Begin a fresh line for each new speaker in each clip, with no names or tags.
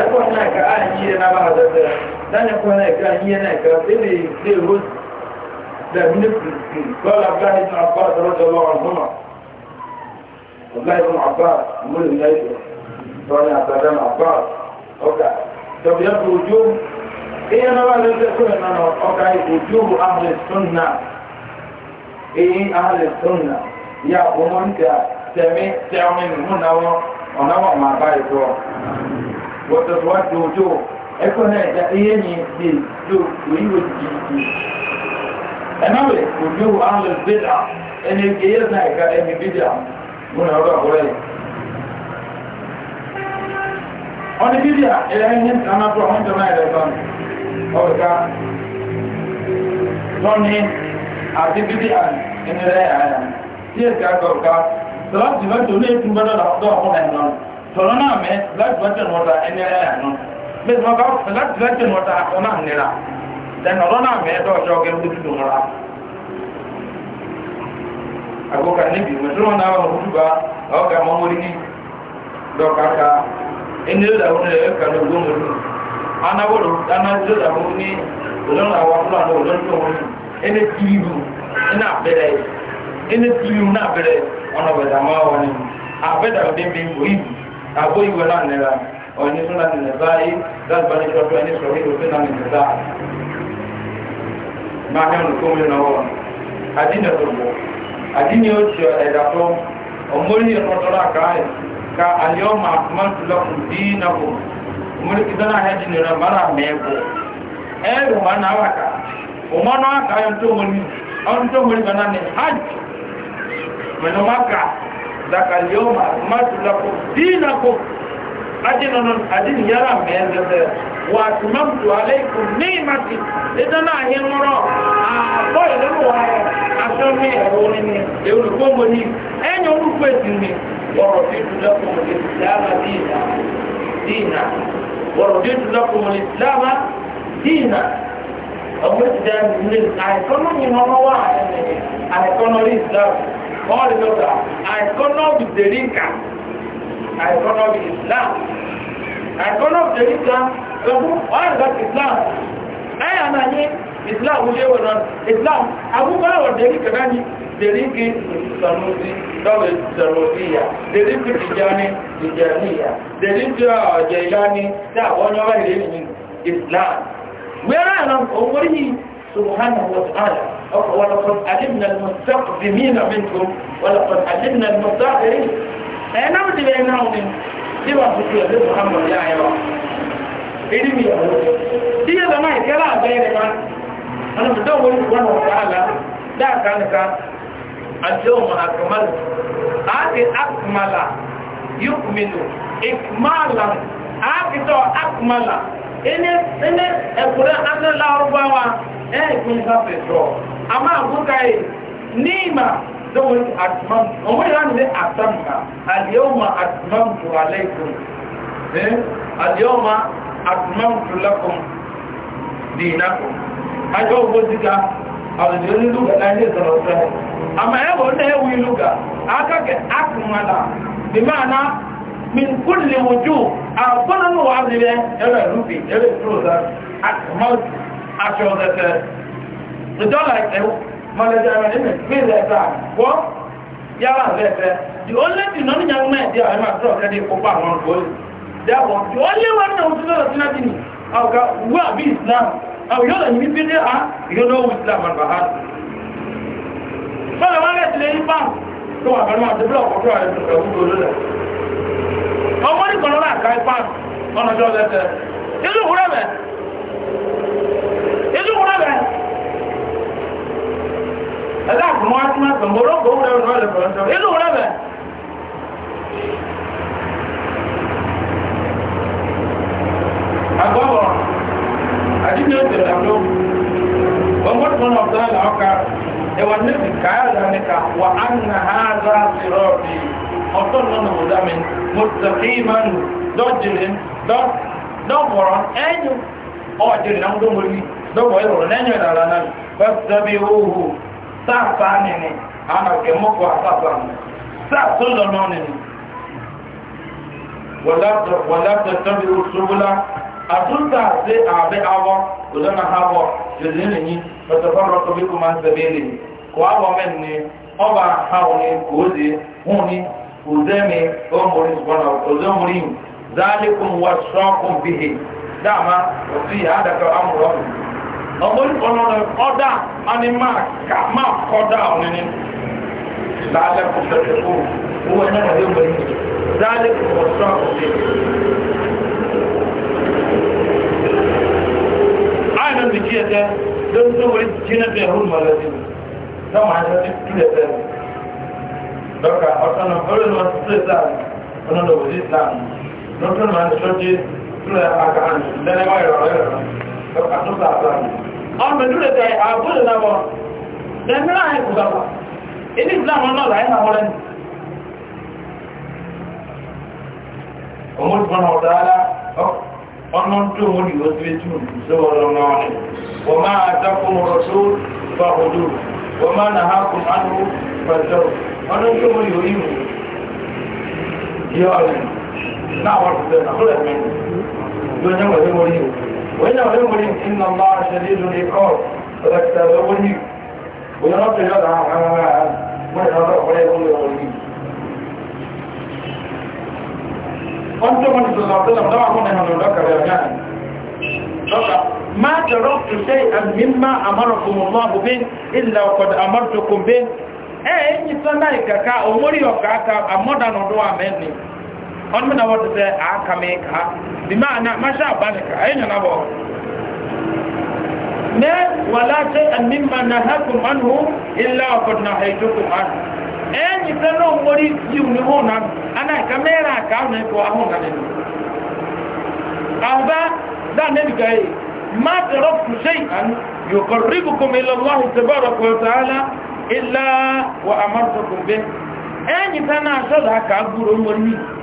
ẹ̀kọ́ náà ká á yí ẹ̀ náà bá ha dẹ́dẹ́ lẹ́yìn ẹ̀kọ́ náà ká yí ẹ̀ náà ká ẹ̀lẹ́ ìdè ìhó dàbílé kìrìkìrì kọ́lá abúláhì ibn abbas rọ́jọ́ lọ́wọ́ ọ̀nùmọ̀ abúláhì ibn abbas múlẹ̀ lẹ́yìn tọ́ni àtàdán abbas ọ̀gá tọ́bíyá tó ojú ìyá náà bá dẹ́dẹ́ kó ẹ̀ náà ọ̀gá ojú ahlẹ̀ máa bá ìtọ́ wọ́tọ̀tọ̀wájú ojú ẹkọ́ náà ẹ̀dá iye ní ilé ìjọ oríwò jìjì ẹ̀nàwẹ̀ ojú alẹ́ bídà ẹni ìgbéyẹ̀ náà ẹ̀ka ẹni bídà múnà ọ̀rọ̀ ọ̀rẹ́ yìí ọdí bídà ẹ̀yà ẹni anábọ̀ ọ̀hún jọ náà ẹ̀dá ọ̀rẹ́ká tọ́ni àti bídà ẹni rẹ̀ àyà tí ẹ̀ka ọ̀ká tọ̀rọ náà mẹ́ black mountain water ẹni ẹ̀rẹ́ àná bẹ́ẹ̀ sọ ká black mountain water ọ̀nà nira then ọ̀rọ̀ náà mẹ́ ẹ̀dọ́ ọjọ́ ọgẹ́ lójú tó nira. àgbọ̀kà níbi mẹ́tọ́rọ̀ náà wọ̀ lójúbà ọ̀gá mọ́mọ́rí ní dọ́kàkà ẹni ló dàwọn ẹ̀rọ ẹ̀ka ló gbó mọ́rí anáwọ̀rọ̀ anájọ́ dàwọn ní olóńgbò àwọn fúlàní olóńgbò wọn ẹni tìlú ẹni àbẹ̀rẹ̀ ẹni tìlú náà bẹ̀rẹ̀ ọ̀nà bẹ̀dàmọ́ wọn ni àbó ìwé náà nira ọ̀ní súnà nìyẹn báyìí dáàbà ní sọ́tọ́ ẹni sọ̀rọ̀ ìlú súnà nìyẹn dáa máa hẹ́ ọ̀nà kómi lọ́wọ́ àdínà tó bọ̀ àdínà ó ti ẹ̀dà tó ọmọlẹ́ ìrọ̀tọ́lá káàyè ka àlẹ́ọ̀mà àkùmọ́tòlọ́kùn dínà kò ọmọlẹ́ kìtọ́nà hẹ́jì nìyẹn mara mẹ́ẹ̀kọ́ ẹ̀rù wọn náà wà ká ọmọ náà káyọ̀ tó mọ̀ ní ọdún tó mọ̀ ní ذاك اليوم أكملت لكم دينكم أدين أدين يرى من وأتممت عليكم نعمتي إذا أنا هنا مرة أقول لهم عشان ما يقولني يقولكم لي أين يقولكم ورضيت لكم الإسلام دينا دينا ورضيت لكم الإسلام دينا أقول لك ده من الآية كمان يمر واحد آية كمان الإسلام all the other I cannot be the rinka uh, I cannot be Islam I cannot be the Islam. gbogbo all that Islam ẹ àná yí Islam wúlé wọn náà Islam àbúkọ́ was the rinka náà ni the rinki sanusi lọ́wọ́ ìsọ̀rọ̀síyà the rinki tìjáni tìjáníyà the rinki ọ̀jẹ̀ ìlànì tí àwọn ọ̀nà wáyé ní Islam wẹ́rẹ́ àná òun wọ́n subhanahu wa ta'ala ولقد علمنا المستقدمين منكم ولقد علمنا المستاخرين انا بدي بينهم دي بقى في محمد يا عيال إلي مي دي يا ما يكلا غير ما أنا بدور سبحانه وتعالى ده كان كان اليوم أكملت هذه أكمل يكمل إكمالا هذه أكمل إني إني أقول أنا لا أربعة ɛyɛ kun ka fɛ dɔrɔ a a tuma o mo yɛrɛ ni a ta ma aliyahu ma a tu ale kun ɛ aliyahu ma a tuma tu la kun diina a a bɛ jɛ ni luka n'a ye sɔrɔ sira ye a luka a ka kɛ a kuma la bi maana min kulli wuju a kɔnɔ n'o wa bi bɛ ɛrɛ lupi ɛrɛ tulo la actual that uh, don't like them. Management their time. What? Yàrá bẹ̀rẹ̀. The only thing none young men there I'm not sure that open one goal. That one. The only one that was not nothing. Ọ̀gá wà bí Islam. Àwọn yóò lọ ní bí dé á ìyọ́nà owó Islam àgbà ha. Fọ́nà wọ́n rẹ̀ tilẹ̀ ní bá tó wà pẹ̀lú àti bílọ̀ ọ̀pọ̀ rẹ̀ tó fẹ̀ wúlò lọ́lẹ̀. Ọmọ ní kọ̀ọ̀lọ́ àká ipá ọ̀nà jọ́ lẹ́tẹ̀. Ilé òwúrọ̀ bẹ̀ ẹ̀dá àkùnmọ́ wá tún àtàn mọ́ lọ́gbọ̀ọ́ wúrẹ́ ọ̀nà ọ̀lẹ̀ pẹ̀lú inú rẹ̀ bẹ̀. agbọ́bọ̀ àdídé òtèrè àlọ́ ọgbọ́n ọ̀tọ́ ẹ̀là ọkà ẹ̀wà níbi káyàdá nìka wà á nà ha zá sírọ̀ bí ọ̀tọ́ nínú ọ̀dá mi mo saa saa nini ana kemoko asasa saa sundo no nini wala wala tabi usubula atunta se abe awo ulana hawo jizini ni fatafarraqu bikum an sabili ko awo men ni oba hawo ni ozi huni uzemi omori subhana uzomori zalikum wasaqum bihi dama wasi hada ka amru ọmọdé kọ́nà rẹ̀ ọ̀dà àní máa kà máa kọ́dà ọ̀nìní. Láàlẹ́ kò fẹ́rẹ̀ kó owó ẹ̀yẹ́ rẹ̀ yóò wẹ̀yìn. Láàlẹ́ kò wọ́n sọ àkùnrin. Ayé náà ti jí ẹ̀tẹ́ lórí tó wẹ̀ jí náà bẹ̀rẹ̀ hún mọ́lẹ́ sí. Dáwọn àyẹ̀ ti tú lẹ̀ bẹ́ẹ̀. Dọ́kà ọ̀sán náà ọ̀rẹ́ ni wọ́n ti tú ìsàn ọ̀nà lọ́wọ́ sí ìsàn. Lọ́tún máa ń ṣọ́jú sílẹ̀ àkàrà lẹ́nẹ́wà ìrọ̀lẹ́ rẹ̀. ọmọ ìlú rẹ̀ tẹ àgbóyè lábọ̀ lẹ́mìíràn àìkú bàbá ilé ìsìláàmù náà láyé àwọn rẹ̀ ọmọdé fún ọ̀dá ọ̀nà tó wọ́n yóò tó ètò ìṣòwò lọ́nà ọ̀nà wọ́n máa dákún ọ̀rọ̀ tó bá ojú wọ́n máa nà hákùn ánú pẹ̀lú ọ̀nà tó wọ́n yóò yìí yọ ọ̀rẹ́ náà wọ́n ti وإنه يقول إن الله شديد العقاب فتكتبوني ويرد جدع حماما ويرد عليكم يقولين وانتم من صلى الله عليه وسلم دعوا كنا نذكر يا جانب ما تركت شيئا مما أمركم الله به إلا وقد أمرتكم به أي إنسان لا يكاكا أمري وكاكا أمرنا ندعو أمني ɔno mu na wɔte sɛ aka me ka bima ana mahyɛ aba ne ka ɛyɛ nyana bɔ ne wala sɛ anima na hakum anhu illa ɔkɔd na haitukum anhu ɛnyi sɛ no mmɔri yiw ne ho na ana ka mɛra aka ne ko aho na ne ahba da ne bi gaye ma taraktu shay'an yuqarribukum ila Allah tabaaraka wa ta'ala illa wa amartukum bih ɛnyi sɛ na sɛ da ka guro mmɔri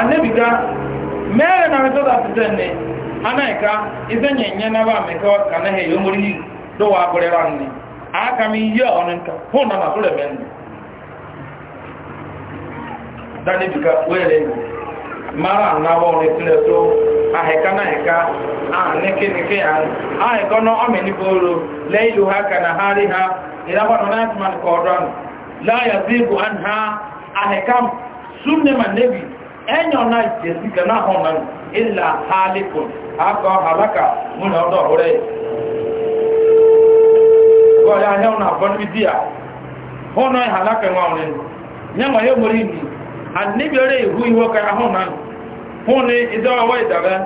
annabiga mere na metoda titenne anaika izenye nyana ba mekawa kana he yomuri do wa gorera nni aka mi yo nka, hona na tole men dani bika wele mara na wo ne tire so aheka na heka a neke neke an aheka no ameni boro leilu haka na hariha ila ba no natman kodran la yazibu anha ahekam sunne man nabi ẹ̀yọ̀ na jẹ̀sí náà hàn náà ilà akọ àlákà múlẹ̀ ọdọ̀ rẹ̀ gọ́ọ̀lẹ́ ahẹ́wọ̀n náà bọ́n bí náà hálíkù wọn rẹ̀ nyẹ́wọ̀n yóò mọ̀rí ni àníbẹ̀rẹ̀ ìhú ìwọ́ kára hàn náà ní ìdọ́wọ́ ìdàbẹ́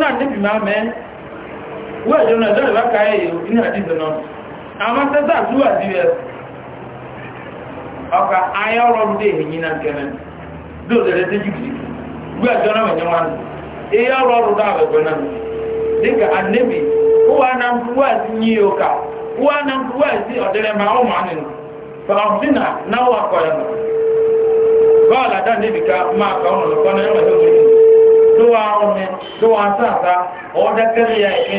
náà níbi máa mẹ́ wọ́n ìjọ náà jọ́rẹ̀ láka ẹ̀yẹ ní àdíjẹ̀ náà àmá tẹ́tà tó wà sí ẹ̀ ọkà ayé ọrọ̀ dé èyí náà kẹrẹ dóòlẹ̀rẹ̀ tẹ́ jìbìtì gbé ẹ̀jọ́ náà mẹ̀yẹ wọn èyí ọrọ̀ ọrọ̀ dá àwẹ̀gbẹ̀ náà dịka anemi ụwa na mkpuwazi nye ụka ụwa na mkpuwazi ọdịrị ma ụmụ anịnụ fọmdina na ụwa kọrọ nọ gọọlụ ada nnebi ka mma ka ọ nọ n'ụkọ na enweghị omume dụwa ọnụ dụwa asa asa ọ dakere ya ike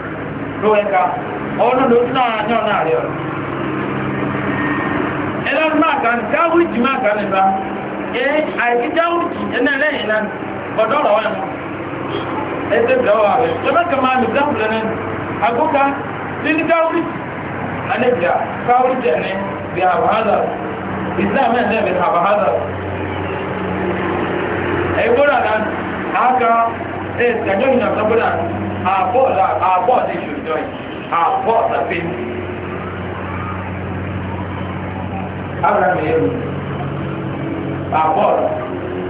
lówẹ́ka ọ̀nà ló tún náà ní ọ̀nà àrẹ ọ̀rọ̀ ẹlọ́run máa kà ní dáwùjì máa kà nípa ẹ àìsí dáwùjì ẹnẹ́ lẹ́yìn náà ọ̀dọ́ ọ̀rọ̀ wọn ẹsẹ̀ bẹ̀rẹ̀ wà rẹ̀ lọ́mẹ́kà máa mi dáwùjì lẹ́nu àgókà nínú dáwùjì alẹ́bíà káwùjì ẹni bí àbáhádà ìsìlámù ẹ̀ náà bí àbáhádà ẹ̀gbọ́dà náà àáká ẹ̀ ṣàjọ́ ìyàn sọ́gbọ́dà náà Our board, our, our board they should join. Our board are paid. Abraham Yeru. Our board.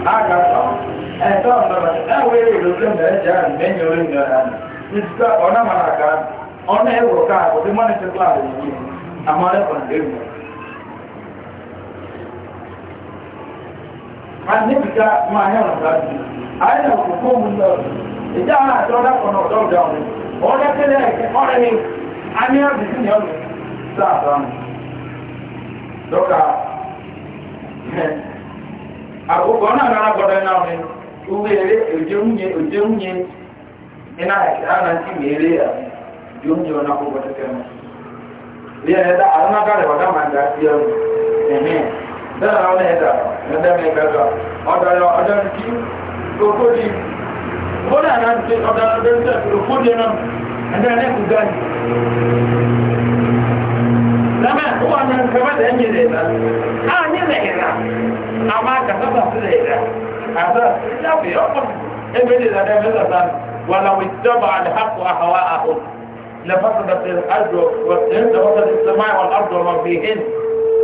Agatha. And some of us, and we will look in the jar and then you're in your hand. This is on a manakan. On a worker, but the money supply is in. I'm on a condition. anibija máa yẹn wọn láti ayé náà kò fóònù lọ ìjà àwọn àti ọ̀dà kan náà ọ̀dọ́ ọ̀dà ọ̀rẹ́ ọ̀rẹ́ kẹlẹ́ ẹ̀kẹ́ ọ̀rẹ́ ni a ní ni. sí ní ọ̀rẹ́ sáà sáà dọ́kà náà náà gbọ́dọ̀ náà ni uwere ojeunye ojeunye ina ana ti mere ya ojeunye ọ̀nà àkókò tẹ́tẹ́ mọ́ bí ẹ̀ẹ́dá àwọn agbára ìwọ̀dá máa ń dá sí ọ̀rẹ́ dára àwọn ẹ̀dà ẹ̀dẹ́mì ìgbẹ̀dà ọ̀dàrà ọ̀dàrà kí okòdì ọ̀dàrà ọ̀dàrà ọ̀dàrà okòdì náà ẹ̀dẹ́rẹ́ kù gáàdì lẹ́mẹ̀ ó wà ní kẹfẹ́dẹ̀ ẹ̀yìn rẹ̀ náà á ní rẹ̀ ìrà àmà kàtàkà sí rẹ̀ ìrà àtà ìjáfì ọkọ̀ ẹgbẹ̀dẹ̀ ìrẹ̀dẹ̀ mẹ́sàtà wà láwì jọba àdìhàkù àhàwà àhùn لفسدت الأرض وفسدت السماء والأرض وما فيهن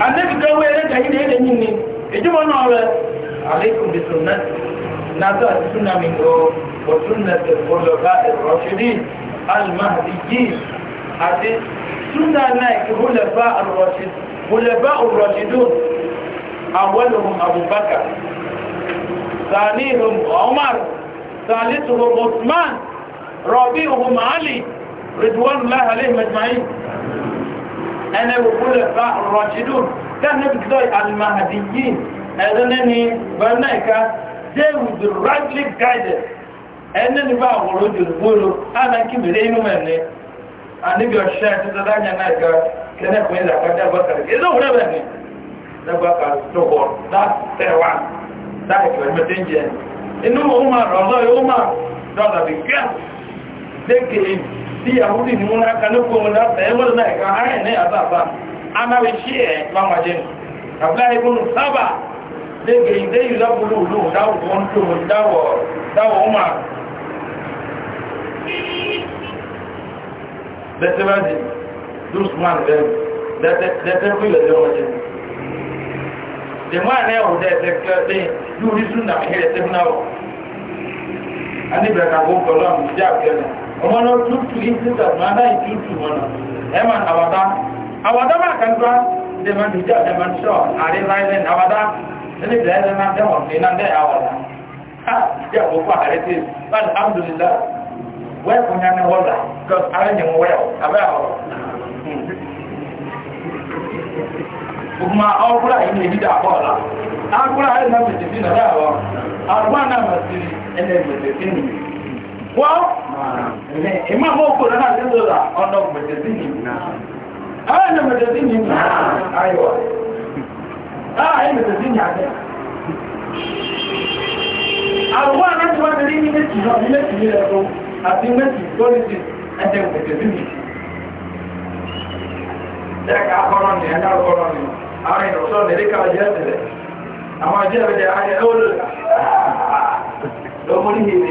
annabi kan wai ranka yi da yadda yin ne ya ji wani aure alaikum bi sunnat na za a sunna min ko wa sunnat al-khulafa ar-rashidin al-mahdiyyin ati sunna na ki khulafa ar-rashid khulafa ar-rashidun awwaluhum abu bakr ثانيهم عمر ثالثهم عثمان رابعهم علي رضوان الله عليهم اجمعين أنا وكل فاء الراشدون كان نبقى المهديين أذنني بناك they will rightly guided أنني بقى غروج الغلو أنا كبيرين مني أنا بقى الشيء تتدعني نايكا كنا كوين لك أنا بقى إذا هو نبني نبقى تقول ده تيوان ده كلمة تنجين إنه عمر الله عمر ده بيكا ذكي tí yahudi ní múná kanúkú múná fẹ́wọ́n náà ẹ̀ka ààrẹ ní àbábá anáwé ṣí ẹ̀ lámàjẹ́ àbúlá ìbúnú sábà lége ilé ìlú abúlé òlú dáwọ̀ tó dáwọ̀ dáwọ̀ ọmọ dẹ́tẹ́bájì lùsùmán bẹ́ẹ̀ dẹ́tẹ́kú ilẹ̀ lọ́wọ́ jẹ́ dẹ̀mọ́ àná ẹ̀wọ̀ dẹ́tẹ́kẹ́ lẹ́yìn lórí súnà ẹ̀rẹ́ tẹ́fúnáwọ̀ ọmọ náà tútù ìsìtà máa dá ìtútù mọ́nà ẹmà àwàdá àwàdá máa kẹjọ́ dẹ̀mà nìjọ́ dẹ̀mà ṣọ́ àrí láìlẹ̀ àwàdá nílé ìdẹ̀ẹ́lẹ́ máa dẹ̀wọ̀n sí náà dẹ̀ àwàdá ha jẹ́ àkókò àrẹ tí wọ́n alhamdulilá wẹ́ẹ̀kùn yá ní wọ́lá kọ́s àrẹ yẹn wẹ́ẹ̀ abẹ́ àwọ̀ kuma ọkùnrin àyè ní ìdídà àkọ́ọ̀lá akúrò àyè náà fèsì sí nàdá àwọ̀ àrùbá náà mà sí ẹni ẹgbẹ̀sẹ̀ sí nìyí wọ́n ìmọ̀ àwọn òkú rẹ̀ náà lẹ́lọ́ rà ọ̀nà mẹ̀tẹ̀síni àwọn ẹ̀nà mẹ̀tẹ̀síni ayọ̀ ààyè mẹ̀tẹ̀síni àjẹ́ àwọn aláti wá tẹ̀lé ní méjì náà ní méjì ní ẹ̀rọ àti méjì pọ́lìsì ẹ̀jẹ̀ mẹ̀tẹ̀síni ẹ̀ka akọ́rọ̀ ni ẹ̀ka akọ́rọ̀ ni àwọn ìrọ̀sọ́ nìríkà jẹ́ ẹ̀sẹ̀ àwọn ajẹ́ ẹ̀rẹ̀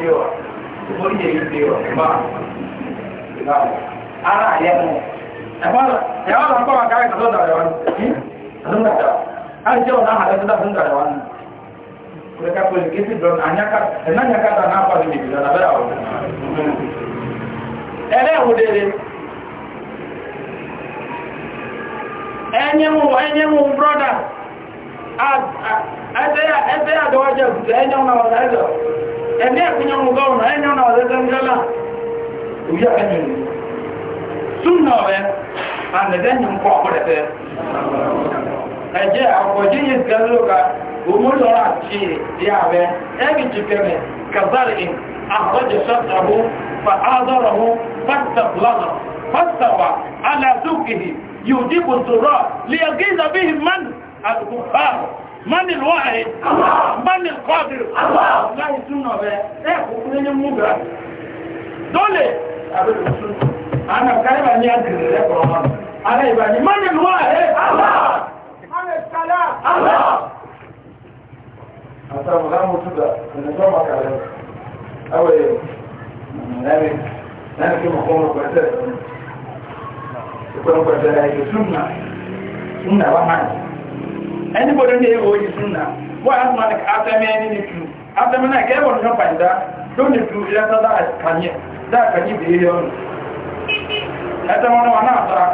orí èyí ti ọ̀rẹ́ máa ara àyẹ̀ mọ́ ẹ̀wọ́n lọ pọ̀ àkárí àtọ́dà rẹ̀ wá ní àtúndà rẹ̀ wá ní jẹ́ ọ̀nà àhàlẹ́ tó dáadọ́dà rẹ̀ wá ní ọ̀rẹ́ká pẹ̀lú kéfì dọ́nà ẹ̀nányàkátà náà pàdé nìbì lọ́nà bẹ́ẹ̀ àwọn ẹlẹ́wùdẹ́rẹ́ ẹ̀yẹ́mú brọ́dà ebe ya dawaja kuta enye ona wazaza ene kunya mugawna enye ona wazaza ngala uya enye sunna we ande denye mko akorete eje akoje yizgaluka umuri ora chi yabe egi chipeme ala suqihi yujibu الضرار ليغيظ بهم من الكفار من الواحد من القادر الله يسنى بيه ايه كنين مبرا دولي انا كلمة اني ادري لك رمان انا يباني من الواحد الله
من السلام الله
حتى مغامو تبدأ النجوم كعلم اوي نامي نامي كما قولوا بأساس يقولوا بأساس سنة سنة وحاني anybody ní èèwọ̀ yìí fún náà wọ́n á sọ like atẹ́mí ẹni ní tu atẹ́mí náà kẹ́ ẹ̀wọ̀n náà pàdé ló ní tu ìrẹsà dáàkànyí bèèrè ọ̀nà ẹ̀tẹ́ wọn wọn náà sọ́ra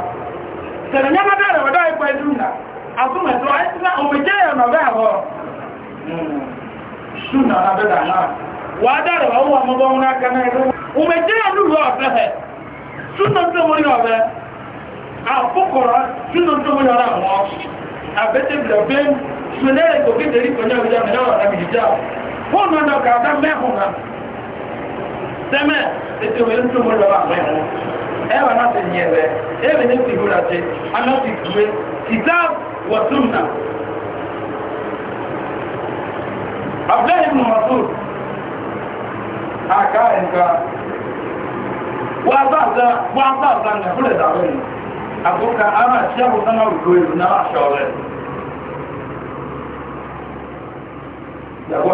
tẹ̀lẹ̀ nyẹ́ máa dáàrẹ̀ wọ́dá ìpọ̀ ẹ̀dùn náà àtúmẹ̀tọ́ ẹ̀tẹ́ òmìjẹ́ ẹ̀nà bẹ́ẹ̀ wọ́ ṣùnà àbẹ́dà náà wà á dáàrẹ̀ wọ́n wọ́n mọ́gbọ́n wọn aka náà ẹ̀rọ òmìjẹ́ ẹ̀nà rú ọ̀fẹ́ ẹ̀ ṣùnà tó mú ní ọ̀fẹ́ àfúkọ̀rọ̀ ṣùnà tó mú ní ọ̀rẹ́ àwọn abete blabem sunere ko bi deri konya wija mena wa na bija ko no na ka da me ho na seme ete we ntu mo lo ba me ho e wa na se nyebe e be ne ti hura te ana ti kwe kitab wa sunna abdullah ibn mas'ud aka enka wa ba za wa ba za na kule àkókà ara ṣẹ́bù náà rò èrò náà aṣọ rẹ̀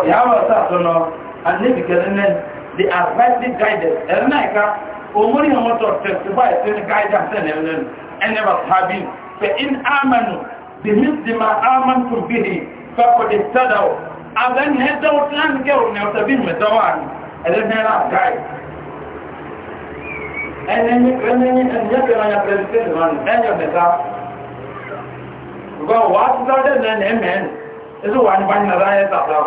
yàwó ọ̀sá àtọ́nà anẹ́bìkẹ́lẹ́ mẹ́rin they are rightly guided ẹ̀rọ náà ìka òmúrí àwọn tó tẹ̀síwá ẹ̀sẹ̀ ní guidance ẹ̀ nẹ́rẹ́ nù ẹ̀nẹ́bà tàbí fẹ́ in amanu the misdi ma aman to be he fakọ̀dé sẹ́dọ̀ abẹ́ni ẹ̀dọ́ ẹni ẹni anyị ọ̀yà pẹ̀lẹ̀tẹ̀lẹ̀ wọn ẹ̀yọ̀ mẹ́ta ọgbọ́n wà á ti sáré lẹ́nà ẹ̀mẹ́n ẹ̀sù wà ní báyìí náà ráyẹ́ tàbí ọ̀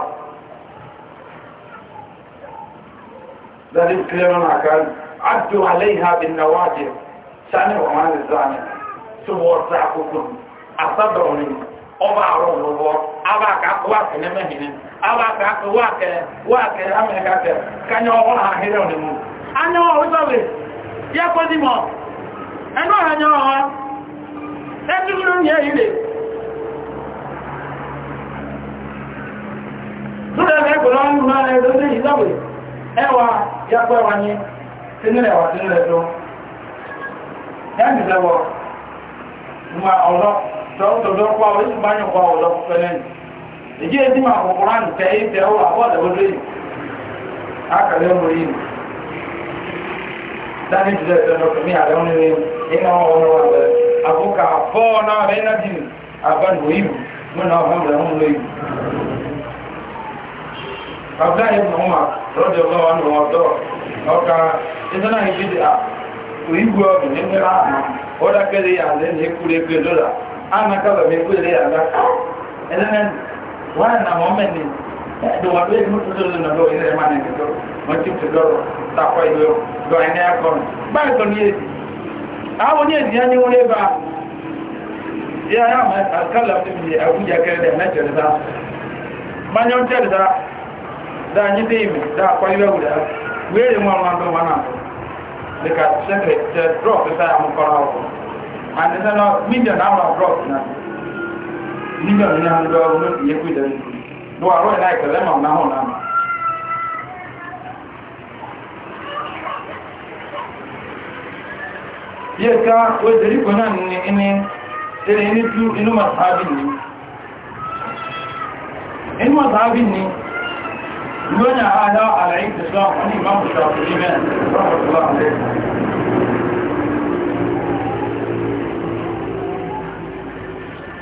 lẹ́dí kílẹ̀rọ̀ náà kárí àjò alẹ́ ìhà bí nàwájẹ́ sani wà máa lè sáni tó wọ́n sá àkókò àsádọ̀ ni ọba àrọ̀ lọ́wọ́ abá àkàkọ́ wà kẹ́ nẹ́mẹ́hìnní abá àkàkọ́ wà kẹ́ wà kẹ́ yẹ́kọ́dìmọ̀ ẹnú ọ̀ranyọ ọ̀họ́ ẹtùlú yẹ ilé lórí ẹgbẹ́ ẹgbẹ̀rọ ọ̀rún náà ẹgbẹ́ ìdáwẹ̀ ẹwà yẹ́kọ́ ẹwà ní sínúrẹ̀ wà sínúrẹ̀ tó yẹ́mìlẹ́wọ̀ ma ọmọ yìí sani jùlọ ẹ̀sẹ̀ lọ fún mi àrẹ wọn ni iná ọ̀nà wọn bẹ̀rẹ̀ àbúkà fọ́ náà rẹ̀ náà dì àbánu ìlú mọ́nà ọ̀hún rẹ̀ ń lọ ìlú. abúlé ayé mọ̀ ọ́mà lọ́dọ̀ ọlọ́wọ́ ní wọn dọ̀ ọ̀ka iná náà ibi dì à òyìnbó ọ̀gbìn ní mẹ́ra àná ó dákẹ́lẹ́ yà lé ní ekúlé gbé lọ́la á nàkàlọ̀ mi ekúlé yà lá ẹ̀dẹ́nẹ́ wọ́n dɔwɔdɔ yi mutu dɔw nɔ dɔw yɛrɛ ma nɛgɛ dɔw ma ti tu dɔw ta kɔ yi dɔw dɔw yi nɛɛ kɔnɔ báyìí kɔni yé zi awo ni ezi yanni wọlé ba yà yà mɛ alikala fi mi awudza kɛlɛ dɛ mɛ tɛri sa ma nyɔ tɛri sa da nyi de yi mi da kɔ yi wɛwu dɛ wéèrè mu àwọn àdó wọn àdó dika sɛkɛ tɛ drɔk sa yà mu kɔnɔ wɔ àti sɛ nɔ mílíọ̀nù ní wàá rọ́ọ̀lá ìpẹ̀lẹ́ màá náà hàn náà. bí ẹ̀ka ó ìdèrí kan náà ní ní ẹni ní tú inú màtàbí ni inú màtàbí ni lónà àdá àlàyé tẹ̀sán wọn ni ìmáàmù ṣàkóso mẹ́rin rọ́pọ̀tọ́lá àlẹ́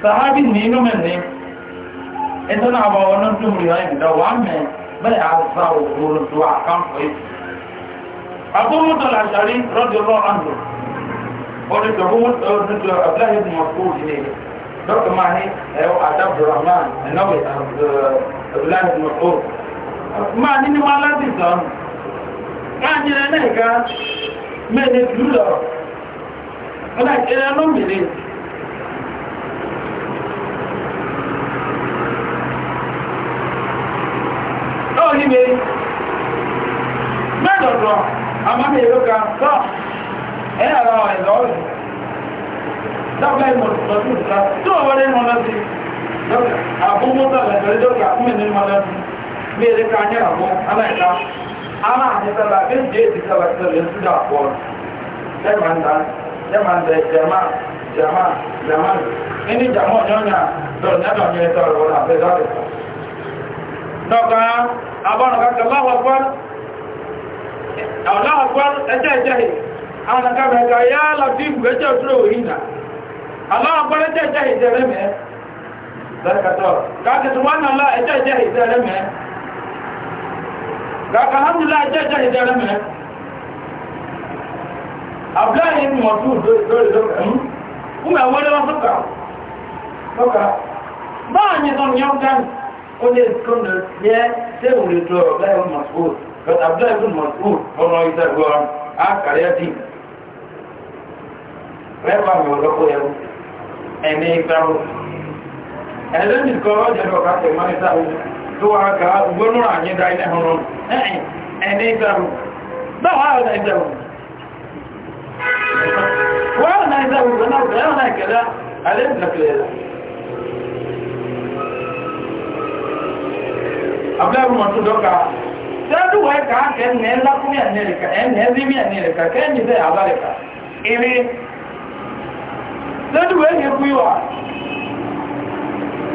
sahabi ni inú mẹ́rin ẹ̀tọ́ náà bá wọn lọ́dún mi rẹ̀ ìdá wà mẹ́ bẹ́ẹ̀ àṣà òkúrò tó àkáǹkọ̀ yìí. àbúrúdọ̀ làṣàrí rọ́dì rọ́ọ̀lù ọdún tó abúláyé ni wọn kó ìdílé dọ́kítọ̀ máa ní ẹ̀rọ àdábùrọ̀mán ẹ̀náwó abúláyé ni wọn kó. máa ní ní wọn láti sàn káàkiri ẹ̀ náà ká mẹ́ẹ̀ẹ́dẹ́gbùlọ̀ ọ̀nà ìkẹrẹ ló mìíràn àmàmì ìlú kan sọ ẹ̀yà ara wà ìlọ́rẹ̀ dọ́gba ìmọ̀ lọ́dún ìta tó ọ̀rẹ́ mọ́ lọ́sí àbúmọ́tà lẹ́tọ̀rí dọ́gba fúnmi ní mọ́ lọ́sí bí èdè ká ní àbọ̀ aláìta ara àtẹ́sẹ̀lá bí jẹ́ èdè sábà tẹ̀lé sí dàpọ̀ jẹ́màndà jẹ́màndà jẹ́mà jẹ́mà jẹ́mà ní jàmọ́ nyọ́nyà lọ́dún ẹ̀dọ̀ aláàgbọ́n ẹjẹ́ ìjẹ́hì àwọn akẹ́bẹ̀ẹ́gà yá lábíbù ẹjẹ́ òtúrò òhìnà aláàgbọ́n ẹjẹ́ ìjẹ́hì ìjẹ́rẹ́mẹ́ zarkatọ́ káàkiri hmm? wọn náà ẹjẹ́ ìjẹ́hì ìjẹ́rẹ́mẹ́ kàkàhánilá ẹjẹ́ ìjẹ́hì ìjẹ́rẹ́mẹ́ abúláyé ni wọ́n tún lórí lókẹ̀mú fún ẹ̀wọ́n lọ́wọ́ sọ́kà sọ́kà báà ní sọ́nà yọ́ but abdullahi bin mas'ud ọmọ isa gbọ́n á kàrí ẹtì rẹ́pà mi ò lọ́kọ̀ ẹ̀rú ẹ̀mí ìgbàwó ẹ̀lẹ́ mi kọ́ ọjà lọ ká tẹ̀mọ́ ní sáwọ́ tó wà ká gbónú àyè dá ilé ọ̀rọ̀ ẹ̀mí ìgbàwó báwa ọ̀nà ìgbàwó wọ́n ọ̀nà ìgbàwó
gbọ́nà ọ̀nà ìkẹ̀lá
alẹ́ ìgbàkẹ̀lá abdullahi sẹ́dù wẹ́ ká ẹ̀nà ńlá fún ẹ̀nìyàn ẹ̀nà ẹ̀zímí ẹ̀nìyàn kẹ́yìn sẹ́ àbárẹ̀ká ìrí sẹ́dù wẹ́ ní kú ìwà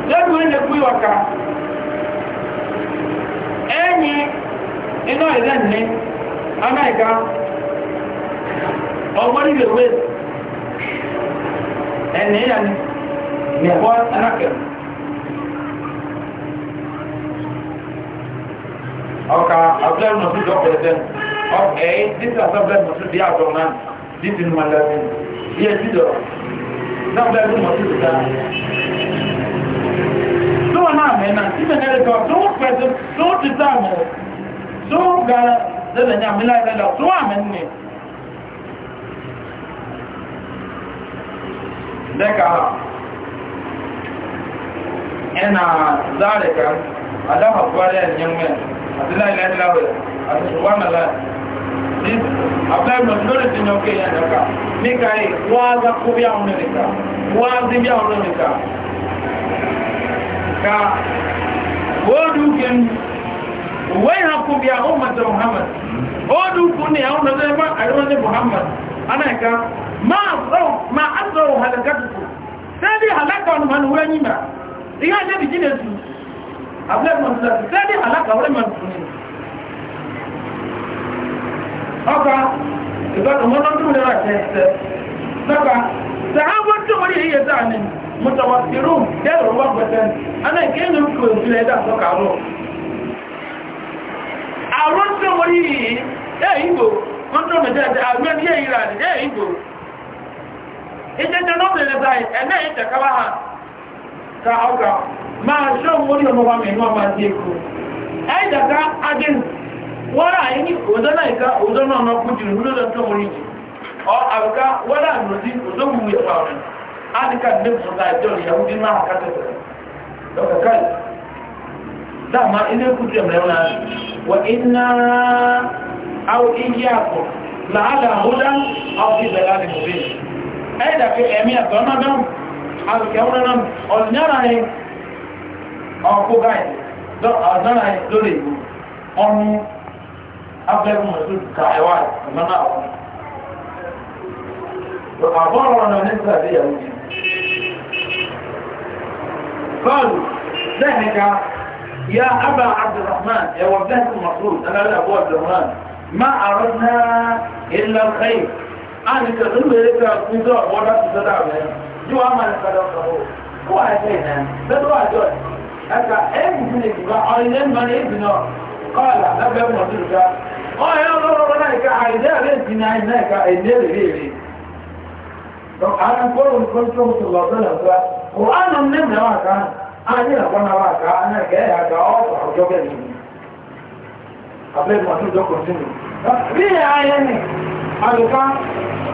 sẹ́dù wẹ́ ní kú ìwà ká ẹ̀yìn iná ìrẹ́ ní anáìká ọgbọ́n ìgbèwé ẹ̀nìyàn ní ẹ̀kọ́ anákẹ̀ẹ́ ọka abúlé mọ̀tún jọ pẹ̀lẹ́tẹ́ ọ̀pẹ̀ ẹ̀ dísà sábẹ́ mọ̀tún bí àjọ náà dísì ní malẹ́bí iye dídọ̀ sábẹ́ mọ̀tún ti dá. tó wọn náà mẹ́ná tí mẹ́ná lè tọ́ tó wọ́n pẹ̀lú tó wọ́n ti dá mọ̀ tó wọ́n gba lẹ́lẹ̀ ní àmìlá ẹ̀rẹ́ lọ tó wọ́n àmì ní. dẹ́ka ẹ̀nà záàrẹ̀ kan adáhàfọ́ rẹ̀ ẹ̀yẹ́ mẹ́rin àti láìlá ìlàwẹ̀ àti ṣùgbọ́nàlá ní àbúláìmọ̀ tí lórí ti yàn kéèyàn nìka níka yìí wọ́n á zá kó bí àwọn nìka wọ́n á zí bí àwọn nìka ka wọ́ọ̀dù kí ni wọ́n yàn kó bí àwọn mọ̀tẹ̀ muhammad wọ́ọ̀dù kú ni àwọn nàzẹ́ bá àríwọ́n ní muhammad ana ka máa sọ̀rọ̀ halakatuku sẹ́ẹ̀dì halakọ̀ ọ̀nà wọ́n yìí mà ìyá jẹ́ bìjì nà sùn abúlé mọ̀tò sẹ́ẹ̀dì alákàwọ́lé mọ̀tò ọkà ìgbàdùn mọ́tò tó lè rà kẹsẹ̀ lọ́kà sàhábà tó wọ́n yẹ yẹ dáa ni mọ̀tàwàsírù dẹ́rù wọ́n pẹ̀tẹ́ ana ìké ní kò ìfilẹ̀ ẹ̀dá sọ́kà rọ̀ àwọn tó wọ́n yẹ yìí ẹ̀ ìgbò wọ́n tó mẹ̀tẹ́ ẹ̀dá àwọn yẹ yìí rà ní ẹ̀ ìgbò ìjẹ́jẹ́ náà bẹ̀rẹ̀ báyìí ẹ̀ náà yẹ máa ṣọ́ mórí ọmọ wa mẹ́rin wọ́n máa dé kú ẹ́dàká adínú wọ́rà yìí òdọ́nà ìka òdọ́nà ọmọ kújìrì lọ́dọ̀ tó mórí jù ọ àbúká wọ́rà àmì òdòwú ìpa ọ̀rẹ́ ádìká dẹ́kùsọ̀tà ẹ̀mí àtọ́nà náà àbùkẹ́ ọ̀rẹ́ náà ọ̀dìnyára يقول ان يكون قال ذهك يا أبا عبد الرحمن يا وجهة المفروض أنا لا أبو عبد الرحمن ما أردنا إلا الخير أنا ان يكون أبو عبد الرحمن جو أمان قد أبو هو أتينا بدو أجوه ẹ̀ka ẹ̀yìnkùnlẹ̀ ìgbà ọ̀rìnlẹ̀ mọ̀rẹ̀ ìbìnà kọ́ọ̀lá lábẹ́ mọ̀túrùká ọ̀yẹ́ ọlọ́rọ̀ náà ìka àìdẹ́ rẹ̀ ti ní àìdẹ́ ìka ẹ̀dẹ́ rẹ̀ rẹ̀ dọ̀ àwọn kọ́rùn kọ́ntọ́ mùsùlùmọ́ lọ́sọ́ kùránù ní mẹ́wàá ká ányí nàkọ́nà wà ká ányí kẹ́yà ká ọ̀pọ̀ àwùjọ kẹ́lẹ̀ yìí abẹ́ mọ̀túrùjọ kọ̀tínú bí ayé ni àlùká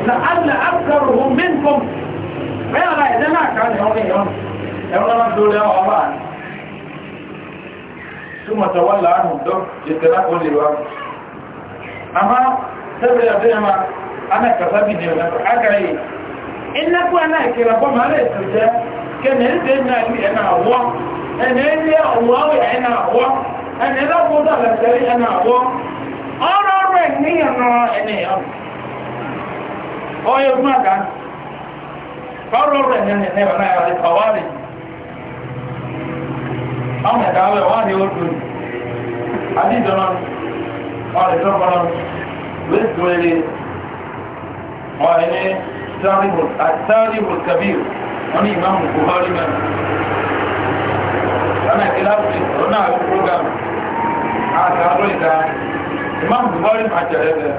na àlà àkàrò hùn mí nkùn mẹ́wàá ẹ̀dẹ́ náà ká ní ọ̀rẹ́ yọ̀n ẹ̀rọ náà dúró lẹ́wọ̀ ọ̀bá ni ثم تولى عنهم دور يتنقل للوام أما سبب يبينما أنا كسبي ديونا أكاي إنك وأنا كربما عليه سجاء كان يدينا لي أنا هو أنا لي الله أنا هو أنا لا بد لسري أنا هو أنا رني أنا أنا أو يسمع كان فارو رني أنا أنا أنا أنا أنا أنا أنا أنا أنا àdìjọ náà wọn lè tọ́kọ náà wíṣ wẹ̀lẹ̀ wọn ẹni sáàrìbù kabir wọn ní ìmáàmù buhari náà lọ́nà kíláàsì lọ́nà àwọn program àtàrọ̀ ìta ìmáàmù buhari máa jẹrẹ bẹ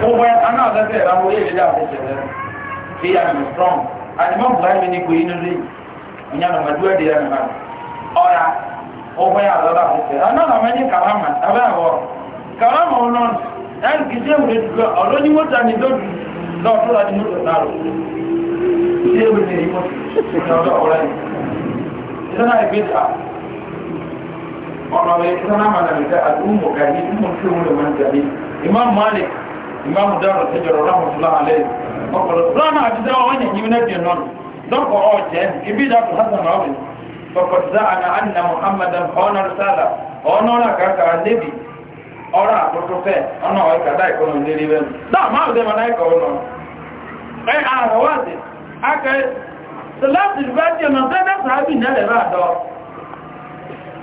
gbogbo aná àtẹ́sẹ̀ ìrànwọ́ yé ìrẹ́lẹ́ àtẹ́sẹ̀ rẹ kí àmì strong àti ìmáàmù buhari ní kò yínú rí ìyànà màdúrà dìrẹ́ nìkan ọ̀rá ọgbọ ya lọ́la àìsẹ̀ anára mẹ́ni karama abẹ́ àwọ̀ karama ọ̀nà ẹn kì í ṣe ìwé dùgbọ́ ọ̀rọ̀ ní mọ́ta ní lọ́dù lọ́ọ̀tọ́ láti mọ́tò náà lọ sí ewu ní ìmọ̀
ìṣọ̀dọ̀ ọ̀rẹ́
ìṣẹ́nà ìgbésà ọ̀nà rẹ̀ ìṣẹ́nà mànàmìtà àti umu gani umu tí òun lè máa ń gani imam malik imam daro ti jọrọ rahmatulá alẹ́ ọkọ̀lọ́ فقد زعل أن محمدا هون رسالة هون ولا كاكا النبي أرى بروفة أنا هاي كذا يكون النبي بن لا ما هو ده ما يكون أي أنا واسي أكى سلام تجبرتي أنا زين سحبي نلا بعد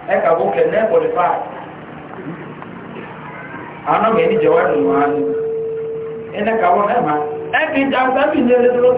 أي كابو كنا بولفا أنا مني جوار المال إنك كابو نعم أكيد جاب سحبي نلا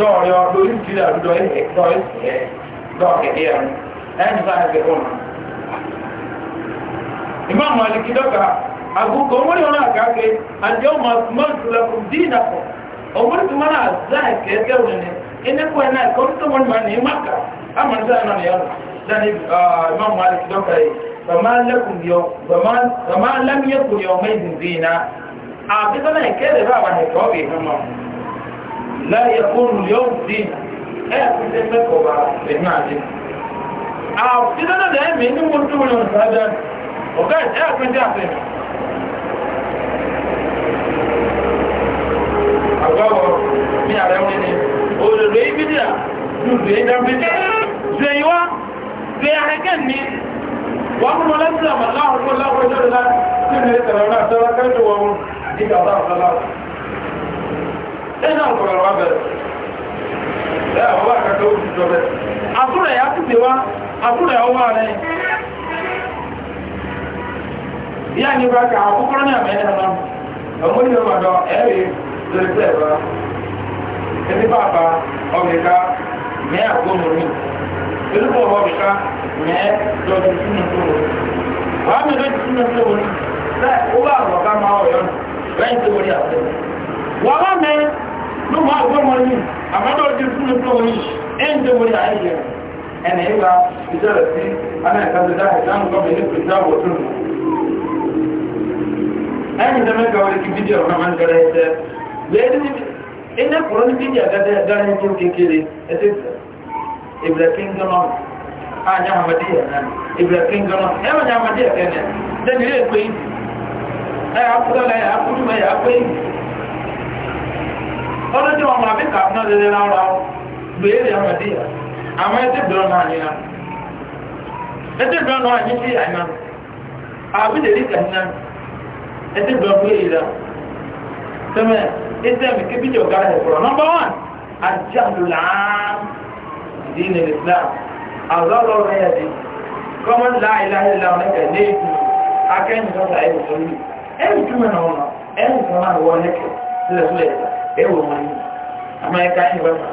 dɔɔyɔ lórí ti la dɔ ye dɔ ye sɛ dɔɔ kɛkɛ yɛrɛ ɛn ti sàn ɛfɛ kɔnɔ. ìmọ̀ màlìkì dọ́gba àgùkọ mọ́lẹ̀ wọn àgàkẹ́ àti ọmọ mọ́tòlá kò dín nà kọ́ ọmọdé tó máa zá kẹ́kẹ́ wọn ni ẹni kọ́ ẹ̀ náà kọ́ tó wọn máa ní má kà á máa zá náà yọ dani ìmọ̀ màlìkì dọ́gba yìí bàmá lẹ́kùn yọ bàmá lẹ́mìẹ́kùn yọ mẹ́yìn dín náà àbí sọ́nà ìkẹ́rẹ̀ bá wà ní kọ́ لا يكون اليوم دي اعمل ايه مكوى بقى المعنى اعرف كده انا دائما اني قلت لهم هذا وقالت من ده اعمل اقوى مين على يوم ايه قول البيت بدي قول البيت ده بدي زي وا زي حكاني وأمر لازم الله يقول الله رجل لا كنا لسه لو نعتبر كنت وأمر إذا الله الله ẹ̀nà ọ̀pọ̀lọpọ̀ wá bẹ̀rẹ̀ ẹ̀ ọ̀wọ́ àkàkọ́ òjìjọ bẹ̀rẹ̀ àtúrẹ̀ yà ti tèwá àtúrẹ̀ ọwọ́ rẹ̀ bí a ní bá
ka àkókòrò ní àmì ẹ̀nà
ọmọ ní ọmọdọ ẹ̀rì lórí pẹ̀lú ẹni bàbá ọmọdéka mẹ́ àgbọ̀nù mi olùkọ́ ọmọdéka mẹ́ lọ́dún sínú tó wọ́n wàá mi lọ́dún sínú tó tó wọ́n wàhálà mẹ́ ló máa gbọ́ mọ́ ní àmọ́dọ̀ ojú fún mi fún orí ẹ̀ǹdẹ̀ wọlé ayé ẹ̀nà ìgbà ìjọba sí anáyàkájọdá ìdáhùn gọ́ọ̀mù ní pẹ̀lú ọ̀tún ẹ̀yìn tẹ́mẹ́ gawọ́lé kí fídíò ọ̀nà máa ń gẹ́rẹ́ ẹ̀ṣẹ́ lẹ́yìn ilé kùrọ̀ ní fídíò dáadáa ní kékeré ẹ̀ṣẹ́ ìbìlẹ̀kín gọ́nà ààyà àmàdíyà náà ìbìlẹ̀kín gọ́nà ẹ̀wọ̀n àmàdíyà kẹ́ẹ̀ẹ́ ọdún tí wọn máa fi kà fún ọdún náà ra ọ béèrè ọmọdé yà àmọ ẹtí bìrọ náà yẹn náà ẹtí bìrọ náà yẹn ti yà náà àbí lèrí kà náà ẹtí bìrọ pé yìí rà sẹmẹ ẹtí ẹmí kébí jẹ ọgá rẹ kúrọ nọmba wọn ajáàlùláàm dín ní islam àlọ́lọ́ rẹ yẹ di kọ́mọ́n láìláì láwọn ẹ̀kẹ́ ní èkó akẹ́yìn sọ́ta ẹ̀ wò sórí ẹ̀ ń túmọ̀ náà wọn ẹ̀ ń túmọ̀ náà wọn ẹ̀kẹ́ sílẹ̀ sílẹ̀ ìgbà ẹwọ wọn yìí amáyíká ṣe wẹ́wà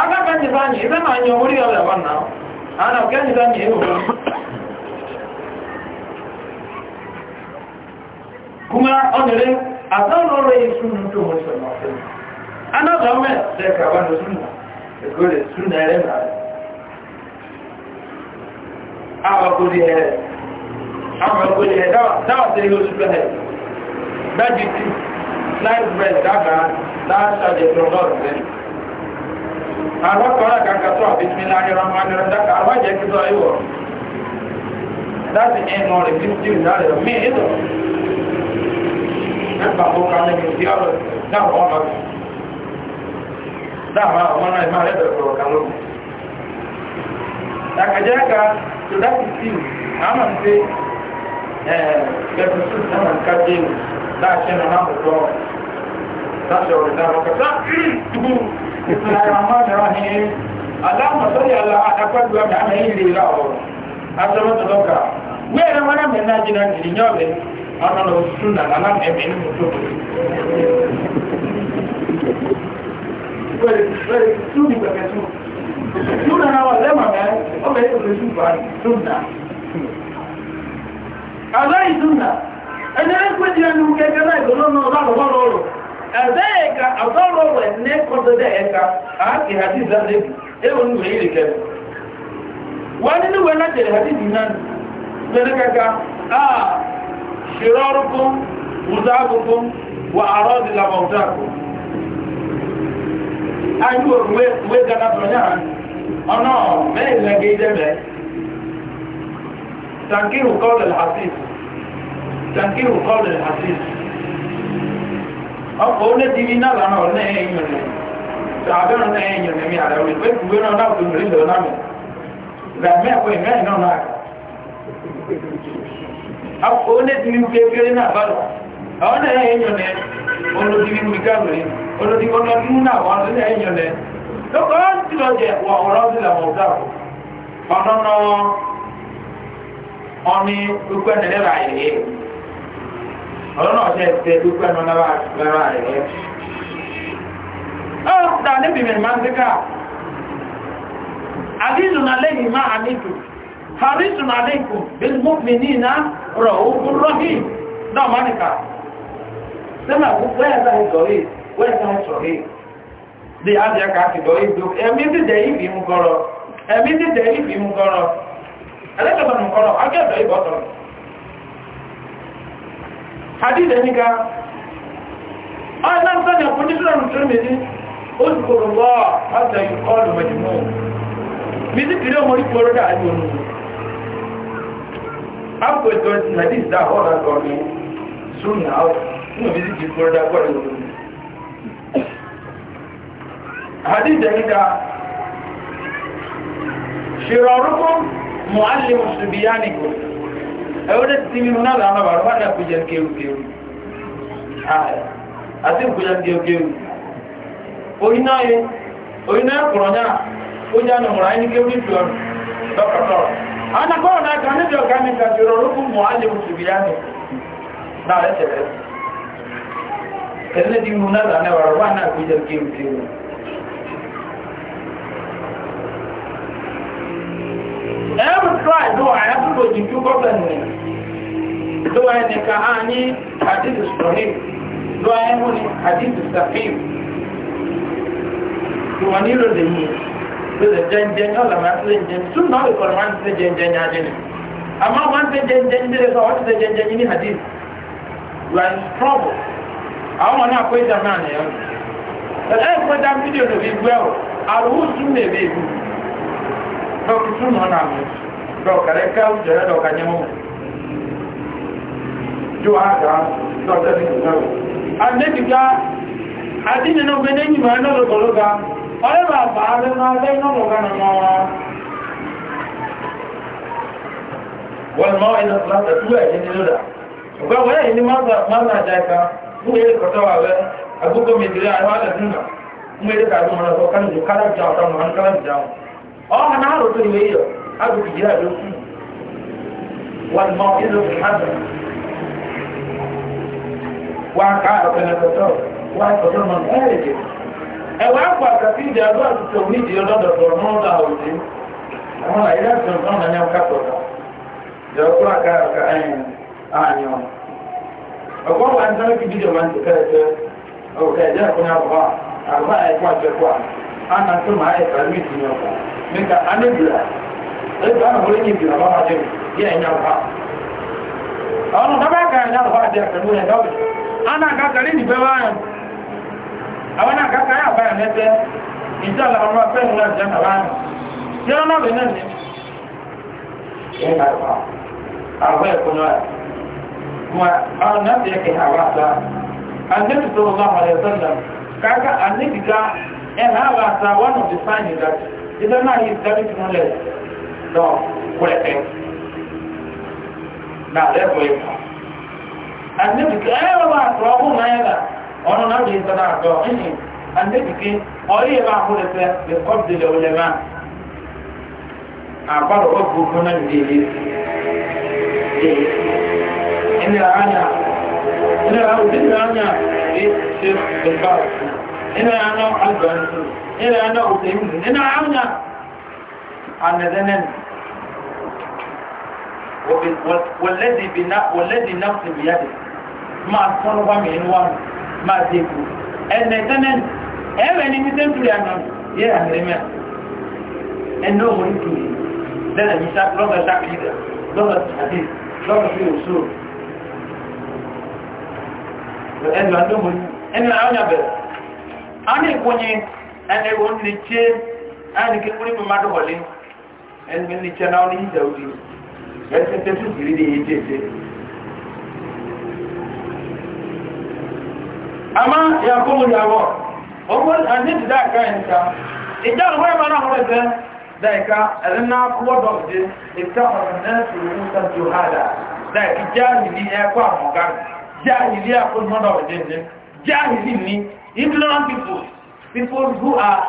agbábá ti bá yìí ẹgbẹ́ máa yan orí ọ̀rẹ́ wọn náà àwọn ọ̀gá ti bá yìí ẹwọ wọn kuma ọ̀nẹ́rẹ́ àtọ́lọ́rọ̀ èsù ní tó wọ́n sọ náà fẹ́ anáàbà mẹ́ lẹ́ka wà ní súnà ẹ̀kọ́ rẹ̀ súnà ẹ̀rẹ́ náà àwọn kò lè ẹ̀rẹ́ àwọn kò lè ẹ̀dáwà tẹ́lẹ̀ oṣù lẹ́hẹ̀ẹ́ live bread dábàá láṣàjẹ̀ lọ́dọ̀ rẹ̀. àwọn kọ́ra kankan tó àbísí láyé rámọ́ ní ọjọ́ kan àwọn jẹ́ kíkọ́ ìwọ̀ láti ẹnu rẹ̀ bí tí ìdá rẹ̀ mí ìdọ̀ nípa bó ká ní kìí ọ̀rọ̀ dáhùn ọmọ rẹ̀ dáhùn ọmọ náà ìmá rẹ̀ bẹ̀rẹ̀ bọ̀rọ̀ kan lókun. Dàkàjẹ́ ka tó dákì sí àmọ̀ ń pé ẹ̀ẹ́dẹ̀kùn dáṣẹ́ nà máa bọ̀ tọ́ dáṣẹ́ ọ̀rẹ́ náà rọ̀ kẹta tukú ìtura ẹ̀rọ máa nà wáhí aláàmọ̀sọ́rì àtàkọ́jú àmì àmì ìlú ìlà ọ̀rọ̀ asọ́mọ́tọ́lọ́kà wíẹ̀ náà wọ́n mẹ́rin náà jìnnà nìyí ní ọ̀bẹ ọ̀nà lọ sùn nà nà mẹ́mẹ́ nínú tó wẹ́rẹ́ wẹ́rẹ́ tún ní pẹ̀pẹ̀ tún tún nà wà lẹ́mọ̀ mẹ́rin ọ̀bẹ̀ yóò lè sùn bá tún nà aláì tún nà ẹni ẹgbẹ́ ti ẹnu gẹ́gẹ́ náà ìgbóná náà láàrọ̀ lọ́rọ̀ ẹ̀dẹ́ ẹ̀ka àtọ́rọ̀ rẹ̀ ní kọ́tẹ́dẹ́ ẹ̀ka àákì hadith lẹ́bù ẹ̀wọ̀n ní wẹ̀yìn rẹ̀ kẹ́lẹ̀ wọ́n ní níwẹ̀ láti rẹ̀ hadith náà lẹ́nu kẹ́kẹ́ a ṣìrọ́rùkún mùsáàkùkún wà àrọ́dì làbọ̀ntàkùn ayú òwe gana tọ̀nyà ọ̀nà mẹ́rin lẹ́gẹ́ ìdẹ́bẹ̀ẹ́ tàǹkì hùkọ́ lẹ́lẹ́ àfíìsì تنكير قول الحديث ọkọ̀ ó lé ti rí náà lánà ọ̀nà ẹ̀yìn rẹ̀ ṣàbẹ̀rún náà ẹ̀yìn rẹ̀ mi àrẹ̀ orí pé kùgbé náà náà tún rí lọ náà mi gbàmí ẹ̀kọ́ ìmẹ́ ìná náà ọkọ̀ ó lé ti rí kékeré náà bá lọ ọ̀nà ẹ̀yìn rẹ̀ olódi rí mi káàrò rí olódi kọ́nà kí mú náà wọ́n lé ẹ̀yìn rẹ̀ lọ́kọ̀ ó ti lọ jẹ ọ̀rọ̀ sí làwọn ọ̀dà ọ̀nà náà ọ ọlọ́nà ọ̀sẹ̀ ẹ̀sẹ̀ dúpẹ́ ẹnu lára rẹ̀ ọ́ dà níbi mẹ́rin máa ń dé káà lẹ́yìn máa àníjù harisu lẹ́kù bí mọ́kùnmí ní iná rọ̀ ogun rọ́hì náà máa nìkà sẹ́mà wẹ́ẹ̀sà ìsọ̀rí wẹ́ẹ̀sà ìsọ̀rí di mú gọ́rọ̀ ẹ̀mí dídẹ̀ ìbí mú hadith ẹni ga aláǹtàní àpọ̀nísìlẹ̀rù tó mẹ́rin ó ti kòrò lọ́ àtà ìkọlù mẹ́jìmọ́ mísìkìrí ọmọ ìpòrò dáa ní ọmọ àpò ìtọ́ ti hadith dáa ọ̀rọ̀ àkọrin súnmọ̀ àwọn mísìkìrí ìpòrò dáa kọ́rin ọmọ hadith ẹni ga ṣèrọ̀rùkún mọ̀ ẹwọ́dẹ́ ti mímú náà lánàá wà wọ́n dà kújẹ kéwùkéwù àti kújẹ kéwùkéwù oyin náà yẹ oyin náà kùrọ̀ náà ó jẹ́ àná mọ̀ra ẹni kéwù ní tùwọ́n dọ́kọ̀tọ̀ anakọ́rọ̀ náà kan níbi ọ̀gá mi kàfi rọrùkú mọ̀ á lè wùsù bìyà mi náà rẹ̀ every try do I have to go to two government. Do I nika ani hadith is sahih. Do I have any hadith is sahih. Do I need to do to the jen jen all the mass jen jen. Soon now the Quran says jen jen ya jen. Amma one says jen jen this is what the jen jen in hadith. You are in trouble. I want video dɔw tu nɔ na mɛ dɔw kɛlɛ kɛw jɛrɛ dɔw ka ɲɛmɔ jo a kan dɔw tɛ sigi dɔw a ne ti ka a ti nana bɛ ne ɲuman ye ne lɔ bolo kan ɔ e b'a ba bɛ ma bɛ ne lɔ kan na ma wa walima o ye ne fila fɛ tuba ye ne lɔ la o kan n'u ye kɔtɔ wa bɛ a b'u ko mi diri a b'a lɛ dun kan n'u ye k'a dun ma na اه انا عارف اللي هي عارف الجهاد والموعظه الحسنه وعن عارف ان الكتاب وعن كتاب من خارج ẹwà àpà kàfí ìdí àdó àtúntò onídìí ọlọ́dọ̀ sọ̀rọ̀ mọ́ ọ́dà òjì àwọn àyíká tó ń tọ́nà ní ọkà tọ̀tà ìjọba kúrò àká àká ẹ̀yìn àyàn ọ̀pọ̀ wà ń sáré kìí dídò máa ń tẹ̀kẹ́ ẹ̀tẹ́ ọ̀kẹ́ ẹ̀jẹ̀ ẹ̀kọ́ ní àbúrò àbúrò àyẹ̀kọ́ àjẹkọ́ àná tó minka ane bila ɛdi ba na wòle nyi bila ba ma jɛbi yɛ ɛnya wò ha ɔno daba ka ɛnya wò ha di akadu yɛ dɔbi ana kaka ne nipa ba yɛ awo na kaka yɛ aba yɛ n'ɛtɛ nta la ɔno afɛ ŋun ɛdi ɛna ba yɛ yɛ ɔno bɛ ne ne yɛ ka yɛ fa awo yɛ kɔnɔ yɛ kuma ɔno na one of the signs that. إذا ما هي ذلك من لا لا ولا كيف لا لا كيف النبي كأي ما أقرأه ما يلا أنا نبي إنسان أقرأني النبي كي أي ما أقول له بقبض العلماء أعبر أبو كنا جديد إن العنى إن العنى إن العنى إيه شيخ إن العنى على إلى أن أتيمون إن عمنا عن ذنن والذي بنا والذي نفس بيده ما صنوا من وان ما ذكر أن ذنن أما نمتن في أنهم يهرمون أنهم يكون لنا ميثاق لغة شاكيدة لغة حديث لغة في أصول وأنهم أنهم أنا بس أنا يكوني ẹni wọn ni, tiẹ ẹni kí wọn má dọwọ lé ẹni mi ni tiẹ náà wọn ní yíjà òdi ẹsẹ tẹsí òkìrí ni yéé tẹsẹ. àmọ yàgò mo yàgò ọmọ àti ti dáa ká ẹni ká ìjà àwọn ẹ̀ma náà wọlé sẹ dáìka ẹni náà kúwọ́ dọ̀ọ̀ dé ìta ọ̀rọ̀ náà sì wọ́n sá ju hàdà dáìka jáàmì ní ẹ̀kọ́ àmọ̀gá jáàmì ní àkóso mọ́dọ̀ ọ̀dẹ́ ní jáàmì ní ignorant people people who are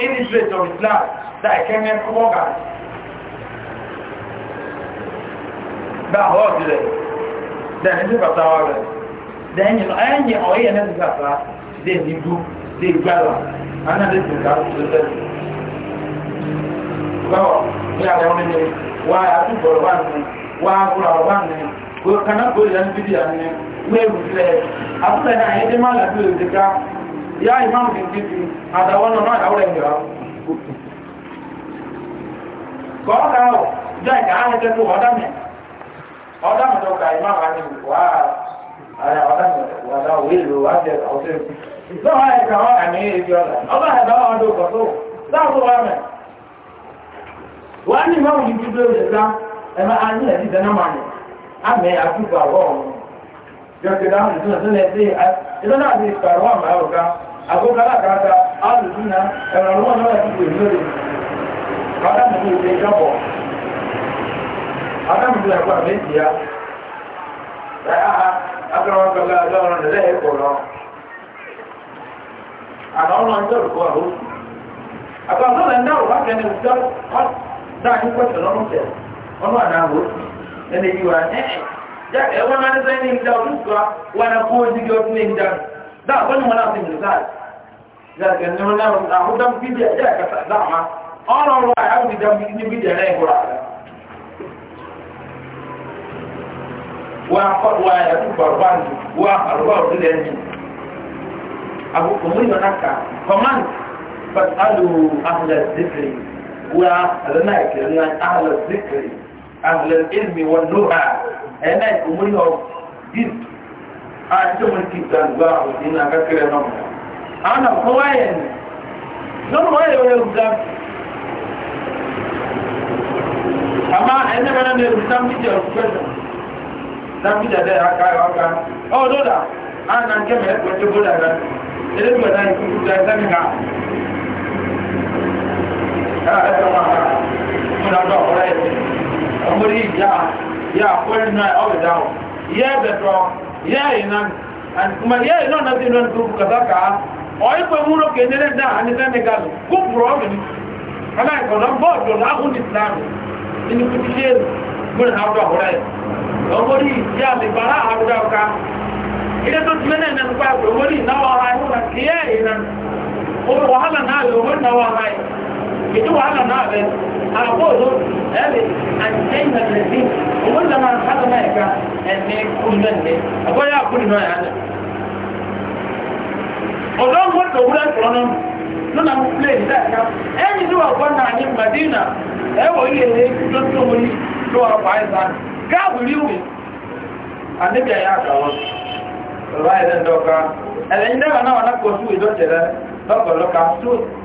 any illiterate of Islam that I Kumoga. That was today. Then it's about our Then you know, and you know, and it's about that. They do, they gather. And then they do that to the Well, yeah, they only need why I think for one thing, why I put out one thing. We cannot go to the video and then uh, we will say, after that, I had a man that will take ya imam ti ti fi àtàwọn ọ̀nà náà àwọ̀rẹ̀ ìgbà kọ́ọ̀dà jẹ́ ìkà áhùn tẹ́ tó ọ̀dá tó ka ìmáàmù àti ìwà àyà ọ̀dá mi ọ̀dá òwe ìlú wá jẹ́ ọ̀sẹ̀ lọ́wọ́ ẹ̀ka wọn àmì èdè ọ̀dà ọba ẹ̀dá wọn ló kọ̀ tó dáàbò wọn mẹ́ wọ́n ní ìmáàmù yìí dúró lè sá ẹ̀mẹ́ ayé ẹ̀dí dẹ́nà àgbókálà kàáta alùsùnà ẹ̀rọ̀rùn wọn náà ti pè lórí adamu ní ilé ìjábọ̀ adamu ní ẹ̀kọ́ àmẹ́jì ya agbára gbọ́gbà lọ́rọ̀ nílẹ̀ ẹ̀kọ́ lọ àná ọ̀nà ń dọ̀rọ̀ kọ́ àhó àgbàdo náà ń dárò ọ̀nà ده وين مناطق من ذلك ذلك ان من نعم دم في دي جاك دعما انا والله عاوز دم في دي دي انا هو وأقر وأكون بربان وأقر وأقول لأني أبو كمري ونكا فمن فاسألوا أهل الذكر وأهلناك أهل الذكر أهل العلم والنهى أنا كمري دين a ce mun kitan za a wuce na kakire nan ana kowa ya ne zan waye waye rubuta amma a yanzu ganin da rubuta miki da rubuta na miki da ya kayo aka o doda an nan kemgbe ya kwace boda ga ilé ìgbà náà ikú kúta ẹsẹ́mi ká ẹ̀rọ ẹ̀sẹ̀ wọn ká múra bá ọ̀rẹ́ ẹ̀ ọmọdé yìí yá yá ọ̀rẹ́ náà ọ̀rẹ́ dáhùn yẹ́ ẹ̀bẹ̀ tọ́ yayi nan kuma yayi nan na tinon ku ka saka oyi pe muro ke ne da ani ne ga ku pro mi ala ko na bo do na ku islam ni ku tiye gun ha do hore o mori ya mi bara ha do ka ile to mena ìdí wàhálà náà bẹ àkóòdó ẹbí àtìsẹyìn àtìlẹsí owó lọnà àkàtà náà ẹka ẹni kúrú náà nìyẹn àbọyá àkúrú náà yà á nà. ọ̀dọ́ ń gbọ́dọ̀ wúlẹ̀ kúrọ́ náà lọ́nà mú plẹ̀ ní dáka ẹni tí wà gbọ́ náà ní madina ẹwọ̀ yìí ẹni tó tó mú ní tó wà fà áyì sáà gáàbù ríwì àníkẹ́ yà àkàwọ́ ọ̀rọ̀ ayẹ̀dẹ̀ ndọ́ka ẹ̀lẹ́yìn dẹ́wà náà wà náà kọ́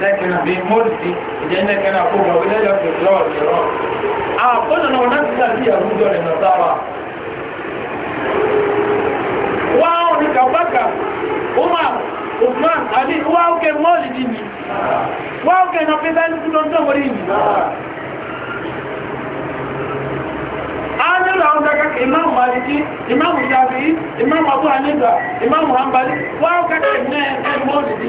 لكن بمرسي لأن كان أقوم بلا في الجوار الإيران أقول أنه نفسه في يهود والنصارى واو نكبكا عمر عثمان علي واو كان مولد ديني واو كان في ذلك كنت مريني àádọ́lù àwọn kakakì imáàmù maliki imáàmù shafi imáàmù abu hanifa imáàmù hanbali wọ́n kakakì náà ẹgbẹ́ mọ́ọ̀dìdì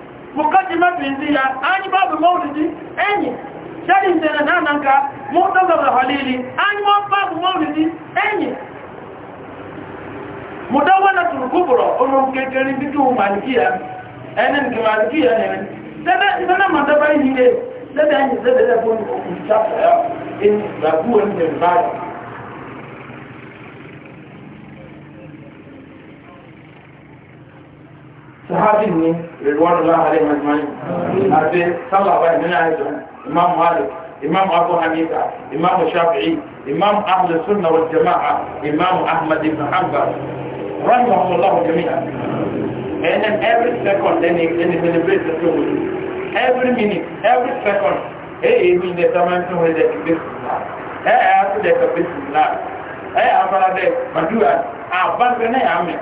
مقدمة بنزية أني باب مولدي أني شريف زنانانك مؤتظر حليلي أني باب مولدي أني مدونة الكبرى أمم كيكرين بيتو مالكية أنا نك مالكية أنا سبع سنة ما تبعي هنا سبع سنة سبع سنة كون كتاب إن بقول من بعد sahabi ni ridwanu la alayhi majma'in ate sallallahu alaihi wasallam imam malik imam abu hanifa imam shafi'i imam ahli sunna wal jamaa imam ahmad ibn hanbal rahimahullah jami'an and then every second then he then he celebrates the story every minute every second eh mi ne taman to he de bismillah eh after the bismillah eh after that madua aban ne amen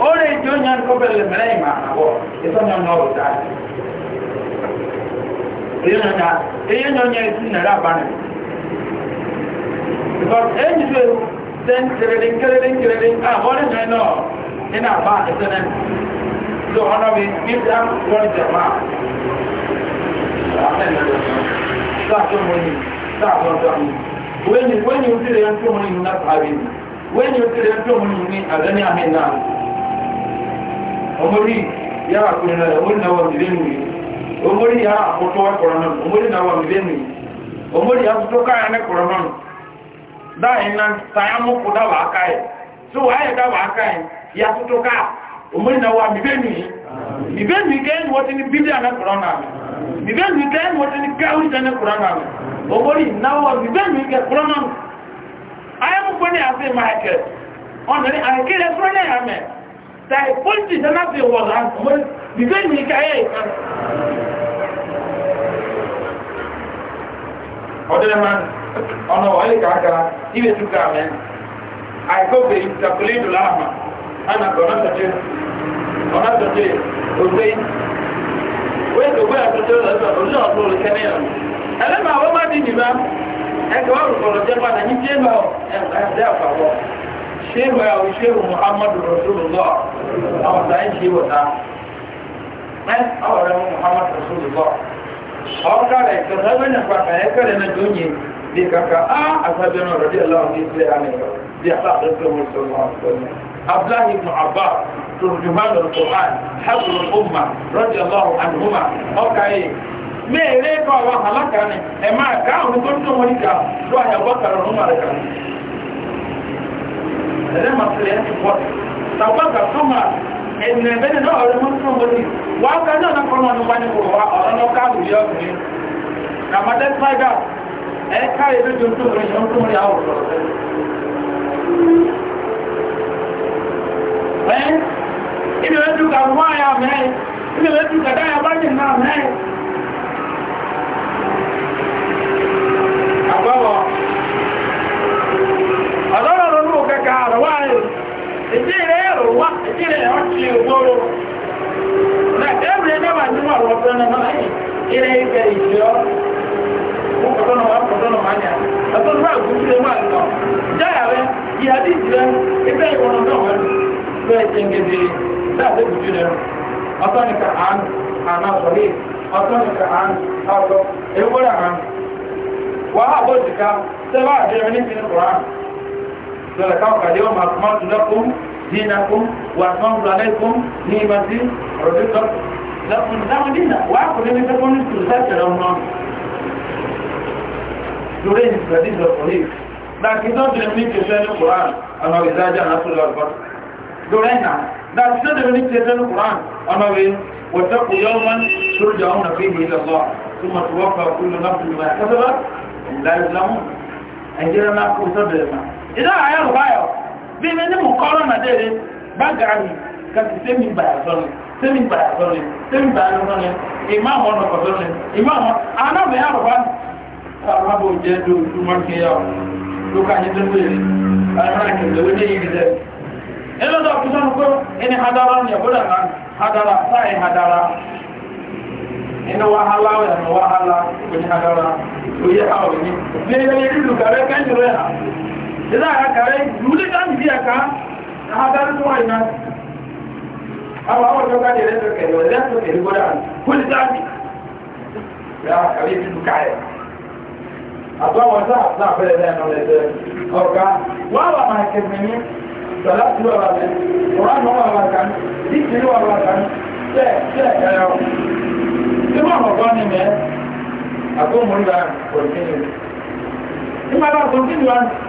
ore jo nyan ko bele mere ma na bo eso nyan no ta e na ta e ye no nyan ti na ra ba ne because e ni so then kere den kere den kere den ah hore e no e e no ina ba eso ne so ono bi bi am ko je ma ta to mo ni ta to to ni when you when you feel you are to mo ni na pa bi when you feel you are to mo ni ni agani amen na omori ya akunina omori na wa mibenu yi omori ya akoto wa kora nan omori na wa mibenu yi omori ya akoto kaya ne kora nan da ina tayamu ko da wa kai e. so wa ya e da wa kai e, ya akoto ka omori na wa mibenu yi mibenu yi kai wata ni biblia na kora nan mibenu yi kai wata ni gawi da na kora nan omori na wa mibenu yi kai kora nan ayamu ko ne ase ma ke on ne akere fro ne ame sai politi sana fi wọ̀lá mọ́ ìgbé ní káyẹ̀ ìkan ọdún ma ọ̀nà ọ̀lẹ́ kàákàá ibẹ̀ tún ká mẹ́ àìkọ́gbẹ̀ ìtàkùlẹ̀ ìdùlá àmà ana ọ̀nà tọ̀tẹ̀ ọ̀nà tọ̀tẹ̀ òṣè wọ́n tó gbé àtọ̀tẹ̀ òṣè ọ̀tọ̀ olùkẹ́ ní ọ̀nà ẹlẹ́mà wọ́n má dín nìbá ẹgbẹ́ wọ́n rùkọ̀rọ̀ jẹ́ padà ní jẹ́ bá ẹ̀ ṣé bá ọ̀ ṣé muhammadu rasulullah àwọn ọ̀sán yìí ṣe wò ta ẹ́ àwọn ọ̀rẹ́ muhammad rasul lọ ọ̀rọ̀ kárẹ̀ kẹsàn-án bẹ́ẹ̀ nípa kàyẹ́ kẹrẹ̀ náà tó yẹ bí kàkà á àgbàjọ náà rọ̀dí aláwọ̀ ní ilé àmìlọ bí abdullahi ibn abbas turjuman al-qur'an hasan al-umma radiyallahu anhuma okay mẹ́ẹ̀rẹ́ kọ́ àwọn àlákà ni ẹ̀ máa ká àwọn tó tó wọ́n níka lọ́wọ́ àyàbọ̀ kàrọ̀ ọ̀nà rẹ̀ kan ẹ̀rẹ́ màá tilẹ̀ ẹ̀ ti pọ̀ sí tàbátà sọ́mà ẹ̀nà ẹ̀bẹ́ni náà ọ̀rẹ́ mọ́ fún ọmọdé wà ká náà náà kọ́nà ọ̀nà wáyé kò wá ọ̀rọ̀ náà ká àwùjọ ọkùnrin àmàdé tiger ẹ̀ ká ẹ̀rẹ́ jọ tó rẹ̀ yọ tó rẹ̀ àwùjọ ẹ̀ ibi rẹ̀ dùkà wáyà mẹ́ ibi rẹ̀ dùkà dáyà bá jẹ̀ náà mẹ́ àbáwọ̀ ọ̀dọ́rọ̀ lọ́nà òkẹ́kẹ́ àrọ̀wá wa ìkìlẹ̀ ọ̀tí ògbóró na ẹ̀rẹ̀ dábà níwọ̀ ọ̀rọ̀ náà náà ìrẹ̀ ìgbẹ̀ ìṣẹ́ ọ́ ọ̀pọ̀tọ́nà wà ọ̀pọ̀tọ́nà wà ní àná ọ̀pọ̀tọ́nà wà gúúsùlẹ̀ wà ní ọ̀ jáyà rẹ̀ ìyàdí ìjìlẹ̀ ibẹ̀ ìwọ̀n náà wà ní bẹ́ẹ̀ tẹ́ngẹ̀dẹ̀ láti gùjú rẹ̀ ọ̀tọ́nìkà àánú àná sọ̀rí ọ̀tọ́nìkà àánú ọ̀tọ́ ewúrẹ́ àánú wàhálà bó ti ká sẹ́wà àjẹrẹ ní ti ní kùrán lọ́lẹ̀ká ọ̀kàdé ọmọ àkùmọ́tò lọ́kùn دينكم وأتممت عليكم نعمتي رضيت لكم نعم دينا وأخذ من تكون السلسات لهم سورين الحديث الصحيح لكن تدري من كتاب القرآن أنه إذا جاء نصر الفتح دورينا لكن تدري من كتاب القرآن أنه واتقوا يوما ترجعون فيه إلى الله ثم توفى كل نفس ما كسبت لا يظلمون أنجلنا كتاب الإمام إذا عيال غير bí ní mú kọ́rọ̀ màdẹ́rẹ́ bágàmì kàtí sẹ́mi gbàyà sọ́rọ̀ sẹ́mi gbàyà sọ́rọ̀ sẹ́mi gbàyà sọ́rọ̀ ìmá àwọn ọ̀nà kọ̀sọ́rọ̀ ìmá àwọn anábẹ̀ àrùbá àbábò jẹ́ dojúmọ́ kí yà ọ́ lókà ní tó wéèrè àrùn àkẹ́lẹ́wé ní ìrì rẹ̀ ẹlọ́dọ̀ kúsọ́ nukú ẹni hadara ni ẹ̀bọ́dà náà hadara sáì hadara òní hadara òye àwọn òní lẹ́yìn lẹ́yìn lùkàrẹ́ kẹ́ńtì rẹ̀ da za a kare dole da mu biya ka na hadar zuwa ina awa awa da gane da suka yi wanda suka yi gudan kullu zabi ya kare su kai abuwa wanda za a fara da nan da orga wawa ma ke mini salatu wa rabbi qur'an wa wa kan dikri wa wa kan se se ya yo kuma ba gane me abu mun da continue kuma ba continue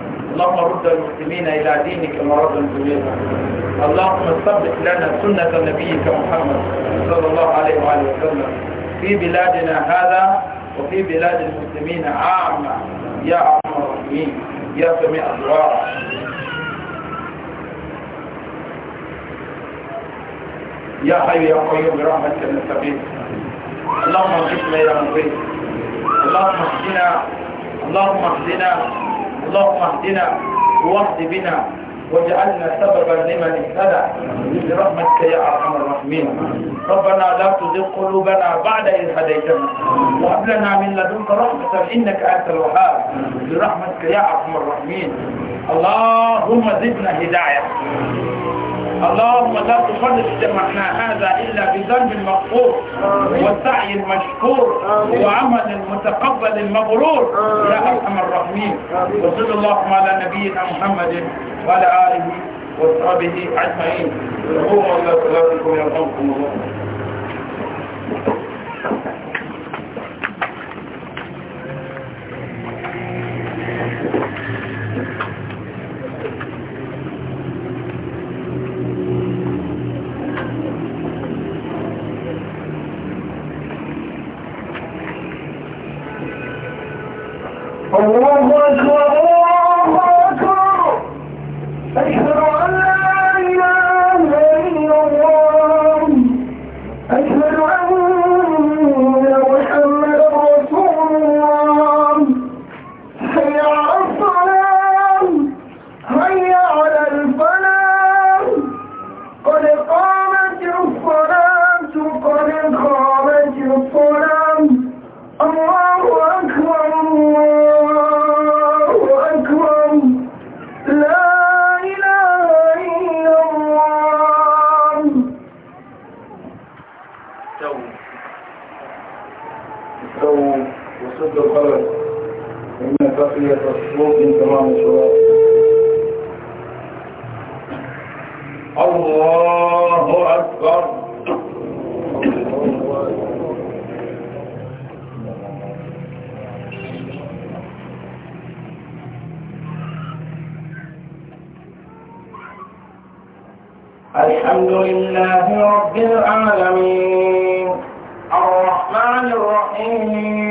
اللهم رد المسلمين إلى دينك مرد جميلا اللهم ثبت لنا سنة نبيك محمد صلى الله عليه وآله وسلم في بلادنا هذا وفي بلاد المسلمين
عامة
يا أرحم الراحمين يا سميع الدعاء يا حي يا قيوم برحمتك نستغيث اللهم اغفر يا مغفر اللهم اهدنا اللهم اهدنا اللهم اهدنا واهد بنا واجعلنا سببا لمن اهتدى برحمتك يا ارحم الراحمين ربنا لا تزغ قلوبنا بعد اذ هديتنا وهب لنا من لدنك رحمه انك انت الوهاب برحمتك يا ارحم الراحمين اللهم زدنا هدايه اللهم لا تخلص جمعنا هذا إلا بذنب مغفور وسعي مشكور وعمل متقبل مبرور يا أرحم الراحمين وصلى اللهم على نبينا محمد وعلى آله وصحبه أجمعين هو الله صلاتكم يرحمكم الله البلد إن بقية
الصوت من تمام الصلاة
الله أكبر
الحمد لله رب العالمين الرحمن الرحيم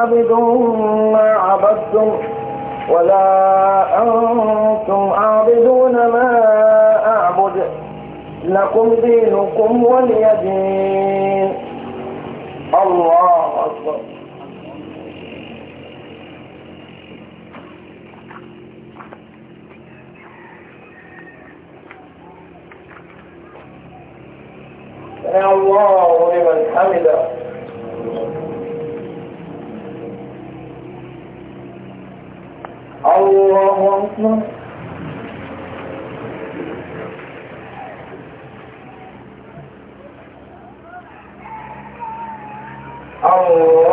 عابدون ما عبدتم ولا أنتم عابدون ما أعبد لكم دينكم
ولي دين الله أكبر سمع الله لمن حمده الله أكبر الله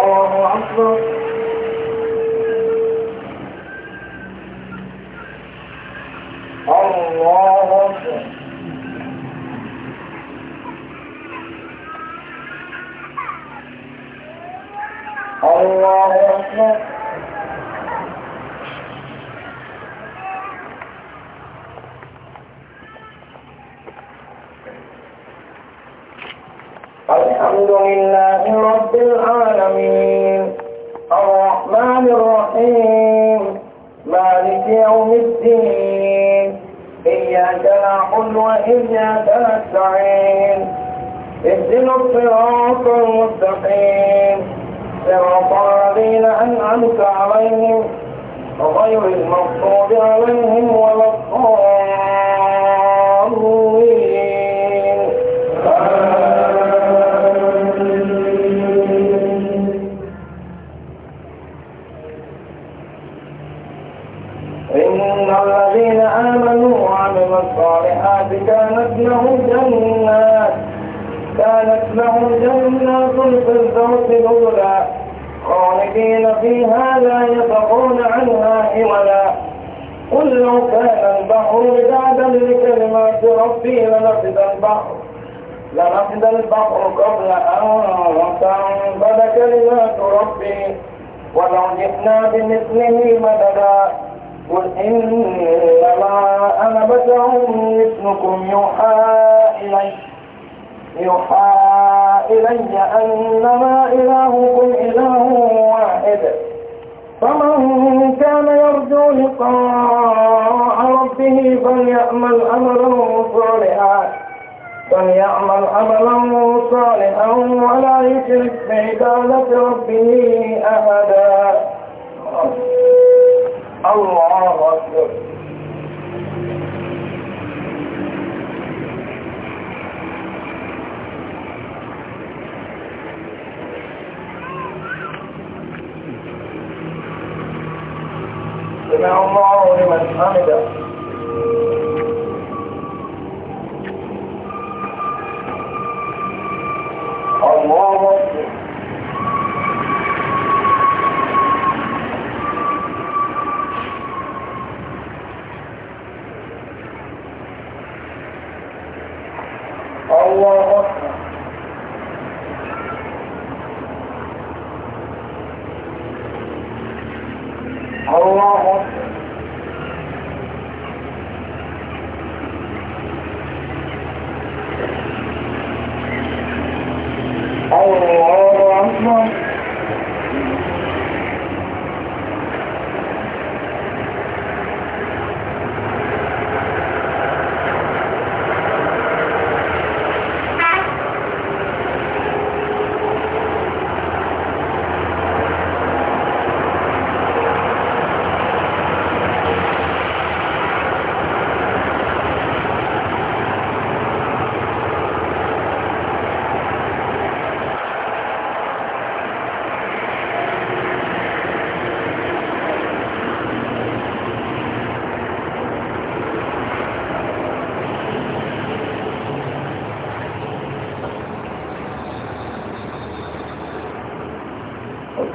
فمن كان يرجو لقاء ربه فليأمل أملا صالحا فليعمل أملا صالحا ولا يشرك بعبادة ربه
أحدا الله أكبر سمع الله لمن حمده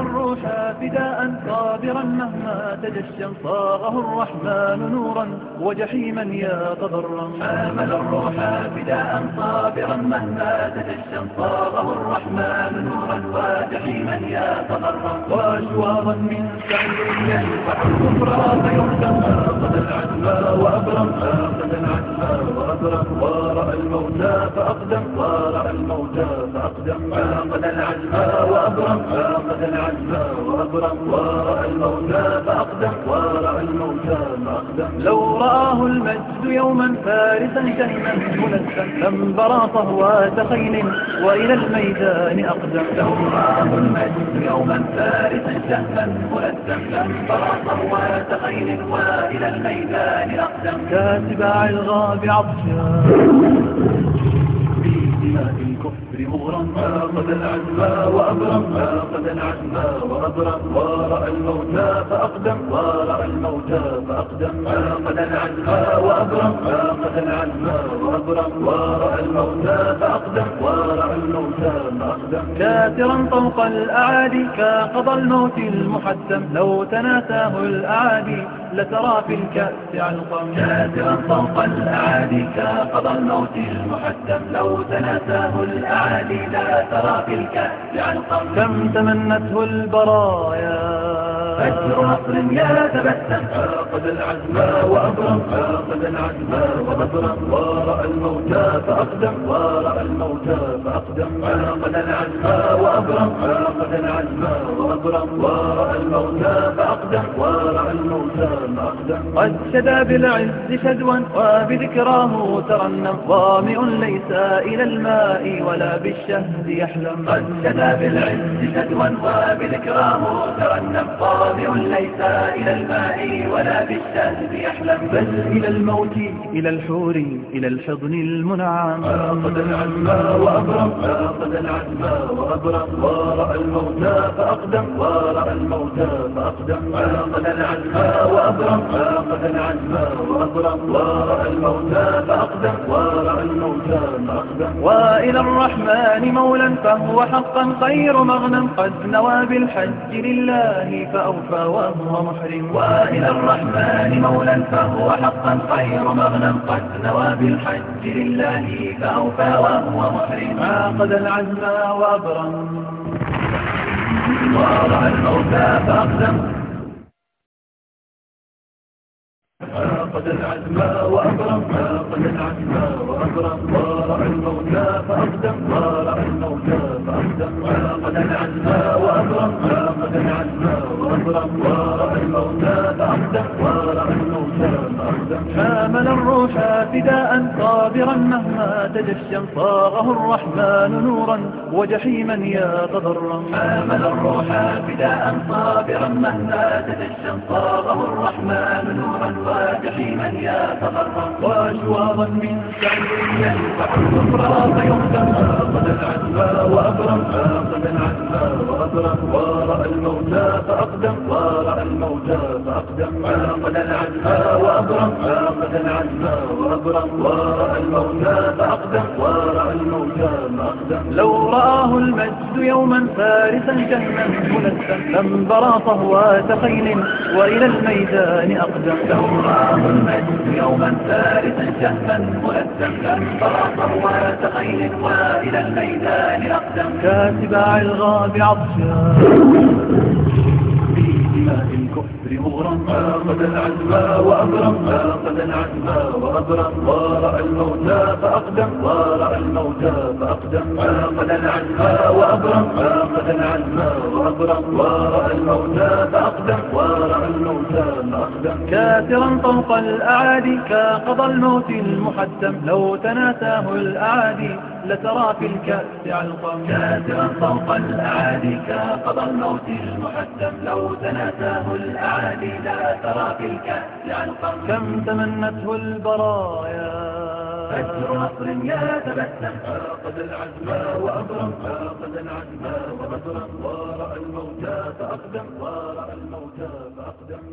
الروح فداء صابرا مهما تجشم صاغه الرحمن نورا وجحيما يا تضرم حامل الروح فداء صابرا مهما تجشم صاغه الرحمن نورا وجحيما يا تضرم واشواظا من سعيد يلفح الكفر فيهزم أخذ العزم وأبرم أخذ العزم وأبرم ورأى الموتى فأقدم ورأى الموتى فأقدم أخذ العزم وأبرم أخذ العزم وأبرم ورأى الموتى فأقدم وارع الموتى فأقدم لو رآه المجد يوما فارسا شهما منسا لانبرى صهوات خيل وإلى الميدان أقدم لو رآه المجد يوما فارسا شهما منسا لانبرى صهوات خيل وإلى الميدان أقدم كاتباع الغاب عطشان في دماء مغرما قد العزمى وأبرما قد العزمى وأبرم ورأى الموتى فأقدم ورأى الموتى فأقدم قد العزمى وأبرم قد العزمى وأبرم ورأى الموتى فأقدم ورأى الموتى فأقدم كاترا فوق الأعادي كقضى الموت المحتم لو تناساه الأعادي لترى في الكأس علقم كاترا فوق الأعادي كقضى الموت المحتم لو تناساه الأعادي العالي لا ترى في الكهف كم تمنته البرايا فجر نصر يا تبسم فاقد العزم وأبرم فاقد العزم وأبرم ورأى الموتى فأقدم ورأى الموتى فأقدم فاقد العزم وأبرم وأبرم ورأى الموتى فأقدم ورأى الموتى فأقدم قد شدا بالعز شدوا وبذكراه ترنم ظامئ ليس إلى الماء ولا بالشهد يحلم قد شدا بالعز شدوا وبذكراه ترنم ظامئ ليس إلى الماء ولا بالشهد يحلم بل إلى الموت إلى الحور إلى الحضن المنعم عقد العزم وأبرم عقد العزم وأبرم ورأى الموتى فأقدم ورأى الموتى فأقدم فاقد العزم وأبرم فاقد العزم وأبرم ورأى الموتى فأقدم ورأى الموتى فأقدم وإلى الرحمن مولا فهو حقا خير مغنم قد نوى بالحج لله فأوفى وهو محرم وإلى الرحمن مولا فهو حقا خير مغنم قد نوى بالحج لله فأوفى وهو محرم عقد العزم وأبرم صبرا
وارع الموتى فاقدم
قد العزم
وأبرم قد العزم وأبرم وارع الموتى فاقدم وارع الموتى
فاقدم قد العزم وأبرم قد العزم وأبرم وارع الموتى فاقدم وارع فاقدم
حامل
الروح فداء صابرا مهما تجشم صاغه الرحمن نورا وجحيما يتضرم حامل الروح فداء صابرا مهما تجشم صاغه الرحمن نورا وجحيما يتضرم واشواظا من سعيد ينفع الصفرا فيهدم قد العدوى وأبرم قد العدوى وأبرم ورأى الموتى فأقدم ورأى الموتى فأقدم قد العزم وأبرم ورأى الموتى فأقدم ورأى الموتى فأقدم لو رآه المجد يوما فارسا جهما منسا لانبرى صهوات خيل وإلى الميدان أقدم لو رآه المجد يوما فارسا جهما منسا لانبرى صهوات خيل وإلى الميدان أقدم كاتباع الغاب عطشا في دماء بمغرما قد العزم وأبرم قد العزم وأبرم ورأى الموتى فأقدم ورأى الموتى فأقدم قد العزم وأبرم قد العزم وأبرم ورأى الموتى فأقدم ورأى الموتى فأقدم كاثرا طوق الأعادي كقضى الموت المحتم لو تناساه الأعادي لترى في الكأس علقم كاثرا طوق الأعادي كقضى الموت المحتم لو تناساه الأعادي المعالي لا ترى تلك لا نقر كم تمنته البرايا فجر نصر يا تبسم فاقد العزم وأبرم فاقد العزم وبدرا ورأى الموتى فأقدم ورأى الموتى فأقدم